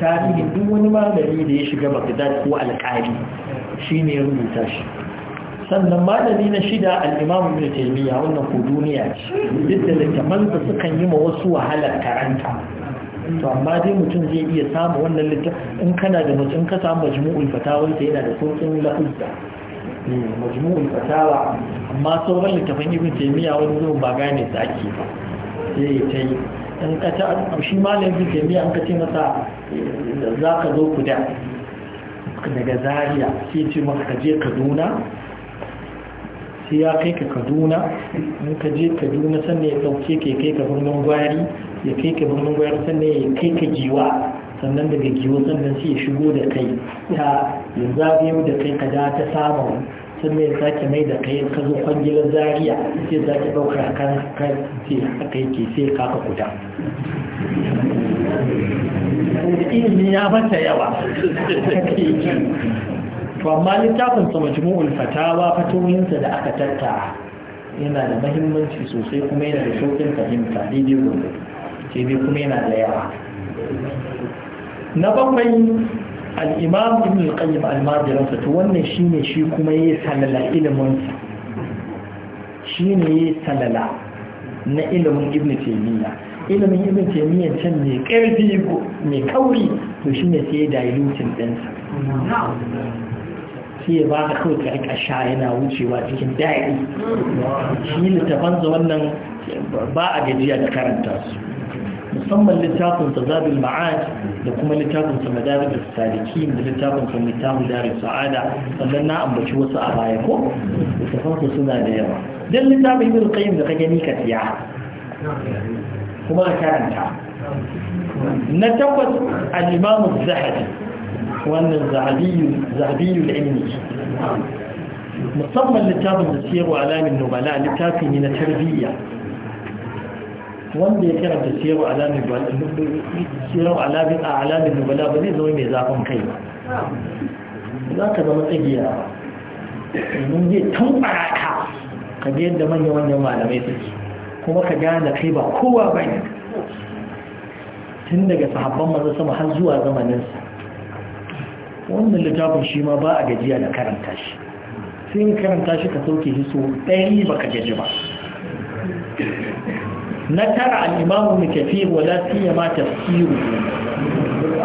تاريخ دون ما الذي يشق بغداد هو القاعد شيني رمتاش سنما الذي نشد الإمام ابن تيمية ونقودونيات جدا لتمنى سكن يموسوها هلا كرنتا to amma dai mutum zai iya samu wannan littafin in kana da in ka samu majmu'ul fatawa sai yana da saukin lafuzza hmm, majmu'ul fatawa amma sauran littafin ibn taymiya wani zuwa ba gane su ake ba sai ta yi in ka ta shi malamin ibn taymiya an ka ce masa za ka zo kuda daga zaria sai ce maka ka je kaduna sai ya kai ka kaduna in ka je kaduna sannan ya dauke ke kai ka birnin gwari ya kai ka birnin gwari sannan ya kai ka jiwa sannan daga jiwa sannan sai ya shigo da kai ta ya zagayo da kai ka da ta samu sannan ya sake mai da kai ka zo kwangilar zariya sai za ka ɗaukar kan kai sai kai ke sai kaka kuda ilimi ya bata yawa to amma littafinsa majmu'ul fatawa fatoyinsa da aka tattara yana da mahimmanci sosai kuma yana da shauƙin fahimta daidai gobe sai kuma yana da yawa na bakwai al'imam ibn al-qayyim al-majiransa to wannan shine shi kuma ya salala iliminsa shi ne ya salala na ilimin ibn taimiyya ilimin ibn taimiyya can mai ƙarfi mai kauri to shi ne sai dilutin ɗinsa sai ya ba ka kawai karka sha yana wucewa cikin da'i shi littafansa wannan ba a gajiya da karanta su musamman littafin sa zabil ma'aj da kuma littafin sa madarij salikin da littafin sa mitahu darus sa'ada sannan na ambaci wasu a baya ko littafin suna da yawa dan littafin ibn qayyim da ka gani ka tiya kuma ka karanta na tabbas al-imam az-zahabi wannan zahabi zahabi al-ilmi musamman littafin da siyarwa alamin nubala littafi ne na tarbiyya wanda ya karanta siyarwa alamin nubala ba zai zama mai zafin kai ba za ka zama tsagiya domin zai tambara ka ka ga yadda manya wannan malamai suke kuma ka gane kai ba kowa ba ne tun daga sahabban masu sama har zuwa zamaninsa wannan littafin shi ma ba a gajiya da karanta shi sai karanta shi ka sauke shi so ɗari ba ka gaji ba نترى الإمام ابن كثير ولا سيما تفسيره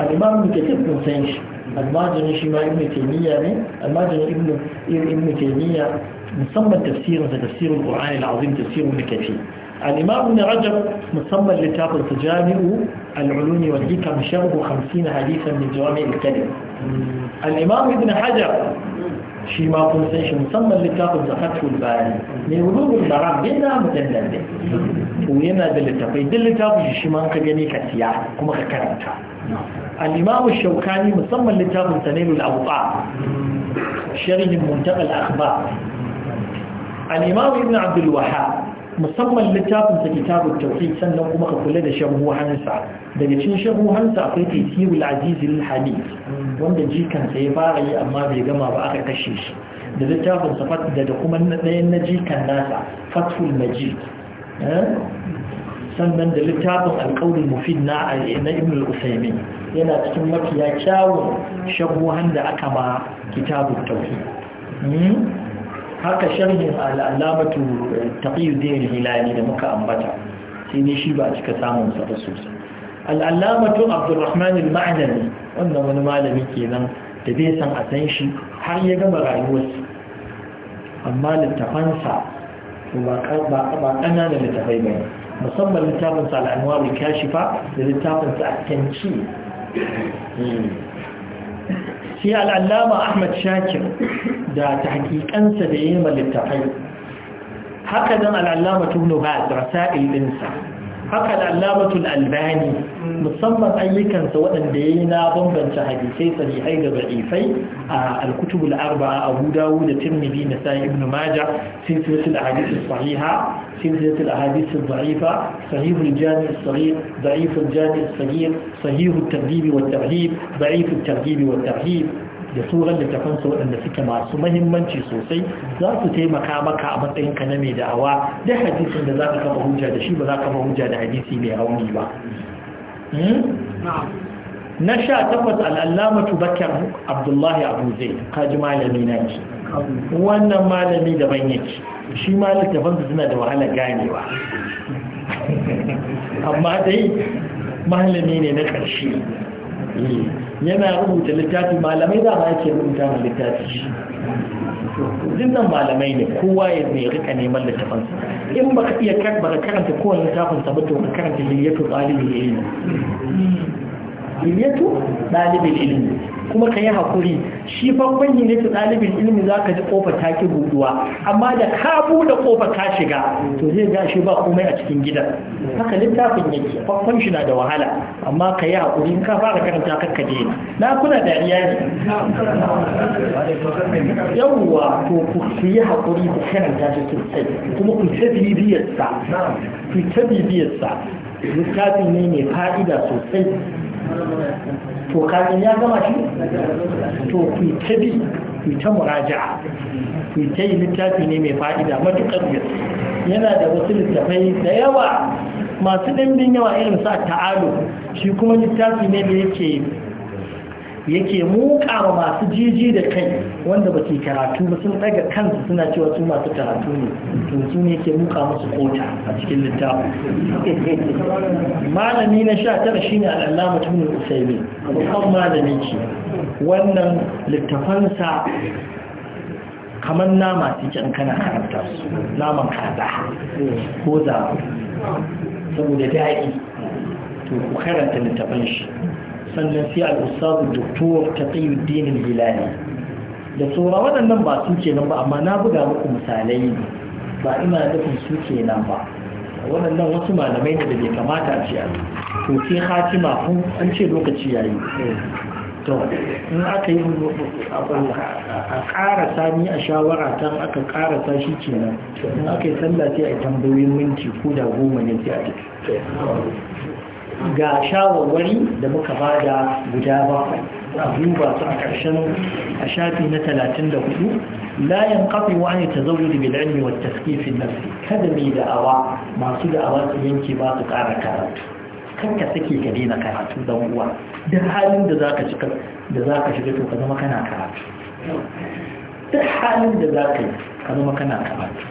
الإمام ابن كثير بن سنش الماجن شيما ابن تيمية الماجن ابن ابن تيمية مسمى التفسير تفسير القرآن العظيم تفسير ابن كثير الإمام ابن رجب مسمى لتاب تجامع العلوم والحكم شرب خمسين حديثا من جوامع الكلم الإمام ابن حجر shi ma kun san shi musamman littafin zakatul bayani ne wulubul maram ne da mujallar ne to yana da littafai duk littafin shi ma ka gani ka siya kuma ka karanta al-imam shaukani musamman littafin sanilul awqa sharhin muntaqal akhbar al-imam ibn abdul wahhab musamman littafin sa kitabun sannan kuma ka kula da sharhuhansa daga cikin sharhuhansa akwai tafsirul azizul hadid wanda jikan sa ya fara yi amma bai gama ba aka kashe shi da littafin sa da da kuma ɗayan na jikan nasa fathul majid eh? sannan da littafin alƙawul mufid na na ibn al yana cikin mafiya kyawun sharhuhan da aka ma kitabun tauhid hmm? haka sharhin al'alamatu taqiyuddin hilali da muka ambata sai ne shi ba a cika samun sa ba sosai al'alamatu abdurrahman al-ma'dani wannan wani malami kenan da bai san a san shi har ya gama rayuwarsa amma littafansa ba ƙananan littafai ba ne musamman littafinsa al'anwar kashifa da littafinsa a tanci hmm. sai al'allama ahmad shakir da ta da da yi littafai haka zan al'allama tunu ba a ɗinsa haka da alamatul albani musamman ayyukansa waɗanda ya yi na bambance hadisai sahihai da za'ifai a alkutubul arba abu dawo da tirmidhi na sa'i ibn majah silsilatul ahadith sahiha silsilatul ahadith dha'ifa sahihul jami' as-saghir jami' as-saghir sahihut wa tarhib da'ifut targhib wa tarhib da turan littafansu waɗanda suke masu mahimmanci sosai za su taimaka maka a matsayinka na mai da'awa da hadisin da za ka kama hujja da shi ba za ka kama hujja da hadisi mai rauni ba hmm? na sha takwas al'allamatu bakar abdullahi abu zai kaji malami na ce wannan malami daban yake shi ma littafansa suna da wahala ganewa amma dai malami ne na ƙarshe yana rubuta littafi malamai da ma yake rubuta ma littafi shi dinnan malamai ne kowa ya ne rika neman littafansa in ba ka iya karanta kowane littafinsa ba to ka karanta hilyatul ɗalibi ilmi al ɗalibin ilmi kuma ka yi hakuri shi ne ta dalibul ilmi zaka ji kofa ta ki guduwa amma da ka bude ƙofa ka shiga to zai ga shi ba komai a cikin gidan haka littafin yake babban shi na da wahala amma ka yi hakuri in ka fara karanta kakka daina na kuna dariya ne yawwa to ku yi hakuri ku karanta shi sosai kuma ku ta bibiyarsa ku ta bibiyarsa littafi ne mai fa'ida sosai to kayan ya gama shi to ku ta bi ku ta muraja'a ku ta yi littafi ne mai fa'ida matuƙar biyar? yana da wasu littafai da yawa masu ɗimbin yawa irin sa ta'alu shi kuma littafi ne da yake yake muka wa masu jiji da kai wanda ba ke karatu ba sun daga kansu suna cewa su masu karatu ne to su ne ke muka musu kota a cikin littafin malami na sha tara shine al'allama tunin usaimi babban malami ce wannan littafansa kaman nama su can kana karanta su naman kaza ko za saboda daɗi to ku karanta littafan shi sannan sai al'ustazu doktor ta tsayin dinin hilali da tsora waɗannan ba su kenan ba amma na buga muku misalai ne ba ina nufin su kenan ba waɗannan wasu malamai ne da bai kamata ce a to sai hatima mafi an ce lokaci yayi to in aka yi a ƙara sami a shawara ta aka ƙara sashi shi kenan in aka yi sallah sai a tambayoyin minti ko da goma ne sai a tafi ga shawarwari da muka bada guda bakwai a duba su a ƙarshen a shafi na 34 la yanqati wa an tazawwud bil ilmi wat tasqif an nafsi kada mai da'awa masu da'awa su yanke ba su ƙara karatu kanka sake ka daina karatu da uwa duk halin da zaka shiga da zaka shiga to ka zama kana karatu duk halin da zaka yi ka zama kana karatu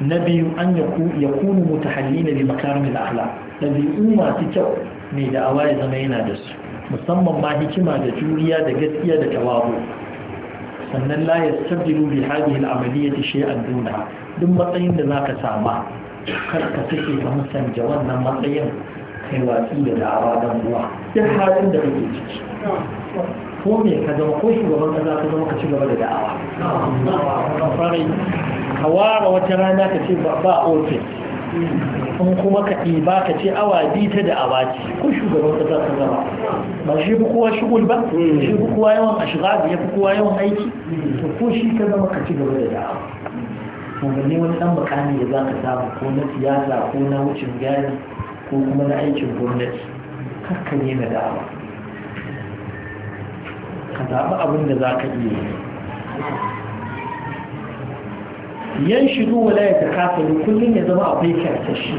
na biyu an yakunu mutahallina bi makarimil akhlaq ɗabi'u masu kyau mai da'awa ya zama yana da su musamman ma hikima da juriya da gaskiya da tawabu sannan la yastabdilu bi hadhihi al-amaliyati shay'an duna duk matsayin da ka sama kar ka sake ka musanja wannan matsayin kai watsi da da'awa dan ruwa, duk halin da kake ciki ko me ka zama ko shugaban ka za ka zama ka ci gaba da da'awa ka ware wata rana ka ce ba ofis in kuma ka ɗiba ka ce awa biyu ta da awa ce ko shugaban ƙasa ka zama ba shi fi kowa shigul ba shi fi kowa yawan ashirar ya fi kowa yawan aiki to ko shi ka zama ka ci gaba da da'awa umarni wani ɗan bakani da za ka samu ko na siyasa ko na wucin gani ko kuma na aikin gwamnati kakka ne na da'awa ka zaɓi abin da za ka iya yi yan shigo wala ya takasalu kullum ya zama akwai karsashi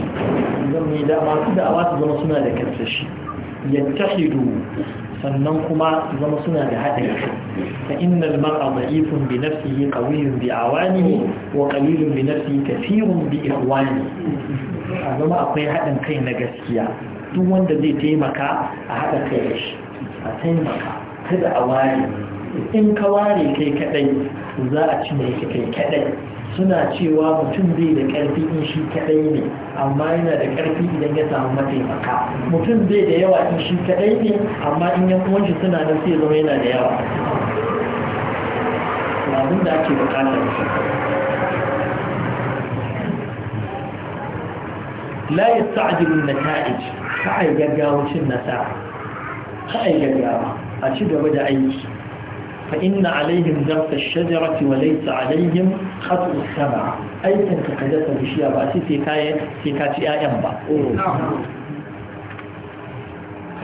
zan mai da masu da'awa su zama suna da karsashi yattahidu sannan kuma su zama suna da haɗin fa innal mar'a da'ifun bi nafsihi qawiyyun bi awanihi wa qalilun bi nafsihi kathirun bi ihwani a zama akwai haɗin kai na gaskiya duk wanda zai taimaka a haɗa kai da shi a taimaka kada a ware in ka ware kai kaɗai za a ci mai kai kaɗai. suna cewa mutum zai da ƙarfi in shi kaɗai ne amma yana da ƙarfi idan ya samu mataimaka mutum zai da yawa in shi kaɗai ne amma in yan uwanshi suna nan sai zama yana da yawa abin da ake buƙatar shi la yasta'jilu an-nata'ij ka ai gaggawa cin nasara ka ai gaggawa a ci gaba da aiki فإن عليهم درس الشجرة وليس عليهم خطء السمع أي تنتقدت بشيء بأسي سيكاية سيكاتي آيام با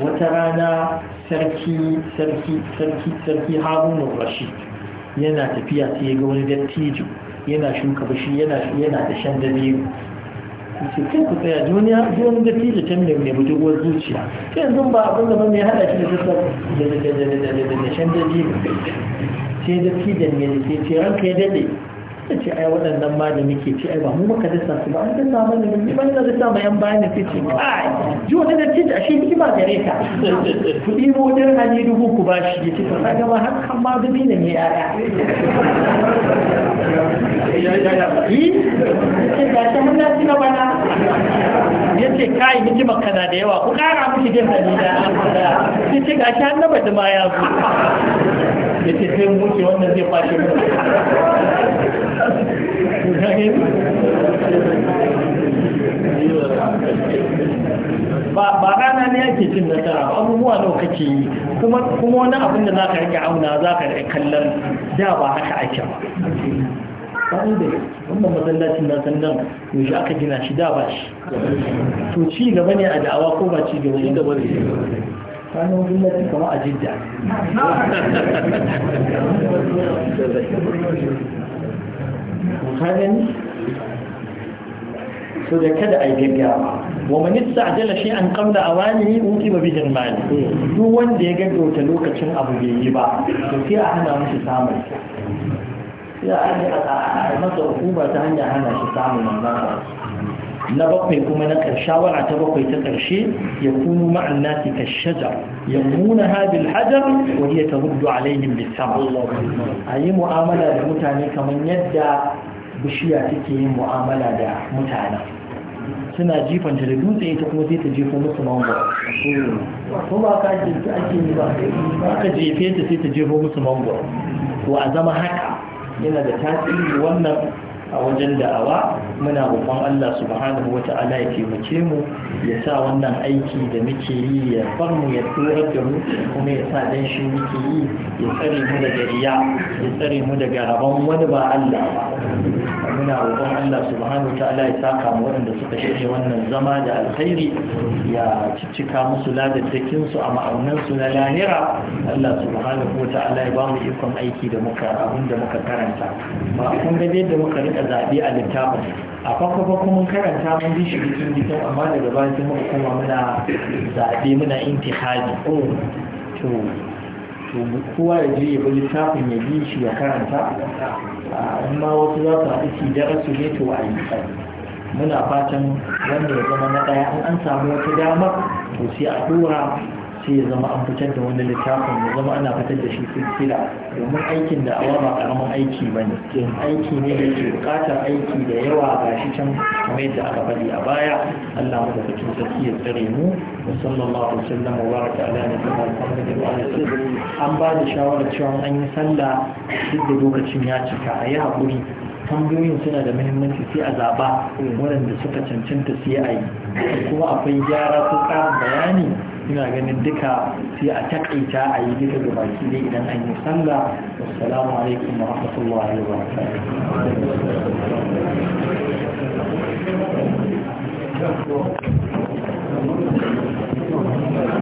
وترانا سركي سركي سركي سركي هارون الرشيد yana tafiya sai ya ga wani dattijo yana shuka bashi yana yana da shan dabiru ce kai ku tsaya duniya duniya da fi da can da mai zuciya ta yanzu ba abin da mai hada shi da sassa da da da da da da da da da da da da da da da da ce da ya daɗe ta ce ai waɗannan ma da muke ce ai ba mu muka dasa su ba an sa mana ne ina da ta ma an bayan ta ce kai ji wani da ce a shi ba gare ka ku mu ɗan hali dubu ku ba shi ya ta ga ma har kan ma dubi ne ne yaya yi ce ga ta mun na na bana ya ce kai hikima kana da yawa ku ƙara miki dai hali da ya ce ga ta na bada ma ya zo ya ce sai mu wuce wannan zai fashe mu ba rana ne ake cin nasara abubuwa da kake yi kuma wani abin da za ka rike auna za ka rike kallon da ba haka ake ba da wannan masallacin na sannan yaushe aka gina shi da ba shi to ci gaba ne a da'awa ko ba ci gaba ne kwanan gwamnati kama a jidda kagani so da kada a yi gaggawa wa man yasta'jala shay'an qabla awanihi uqiba bi jirmani duk wanda ya gaggauta lokacin abu bai yi ba to sai a hana musu samun sai a hana a masa hukuma ta hanyar hana shi samun wannan na bakwai kuma na shawara ta bakwai ta ƙarshe ya kunu ma'an nasi ka shajar ya nuna habil hajar wani ya ta hudu alaihim bisama. Ayi a yi mu'amala da mutane kamar yadda bishiya take yin mu'amala da mutane suna jifanta da dutse ita kuma sai ta jefa musu mangoro Kuma ka jefe ake yi ba aka jefe ta sai ta jefa musu mangoro to a zama haka yana da tasiri wannan a wajen da'awa muna roƙon Allah subhanahu wa ta'ala ya taimake mu ya sa wannan aiki da muke yi ya bar mu ya tsorar da mu kuma ya sa dan shi muke yi ya tsare mu daga riya ya tsare mu daga rabon wani ba Allah ba muna roƙon Allah subhanahu ta'ala ya saka mu waɗanda suka shirya wannan zama da alkhairi ya ciccika musu ladaddakin su a ma'aunan su na lahira Allah subhanahu bamu ta'ala ya ba mu ikon aiki da muka abin da muka karanta ba kun ga da muka rika zaɓe a littafin a farko farko kuma karanta mun bi shi bitin bitin amma daga baya sai muka koma muna zaɓe muna intihadi to kowa ya je ya bi littafin ya bi shi ya karanta amma wasu za su haɗu ci su ne to a yi muna fatan wanda ya zama na ɗaya an an samu wata damar to sai a dora sai ya zama an fitar da wani littafin ya zama ana fitar da shi silsila domin aikin da awa ba karamin aiki ba ne aiki ne da ke bukatar aiki da yawa ga shi can kamar yadda aka faɗi a baya Allah mu da fitin sarki ya tsare mu wa sallallahu alaihi wasallam wa baraka ala nabiyina da wa an ba da shawarar cewa an yi sallah duk da lokacin ya cika a yi haƙuri tambayoyin suna da muhimmanci sai a zaba waɗanda suka cancanta sai a yi kuma akwai gyara ko ƙarin bayani ina ganin duka sai a takaita a yi duka ga baki idan an yi sallah wassalamu alaikum wa rahmatullahi wa barakatuh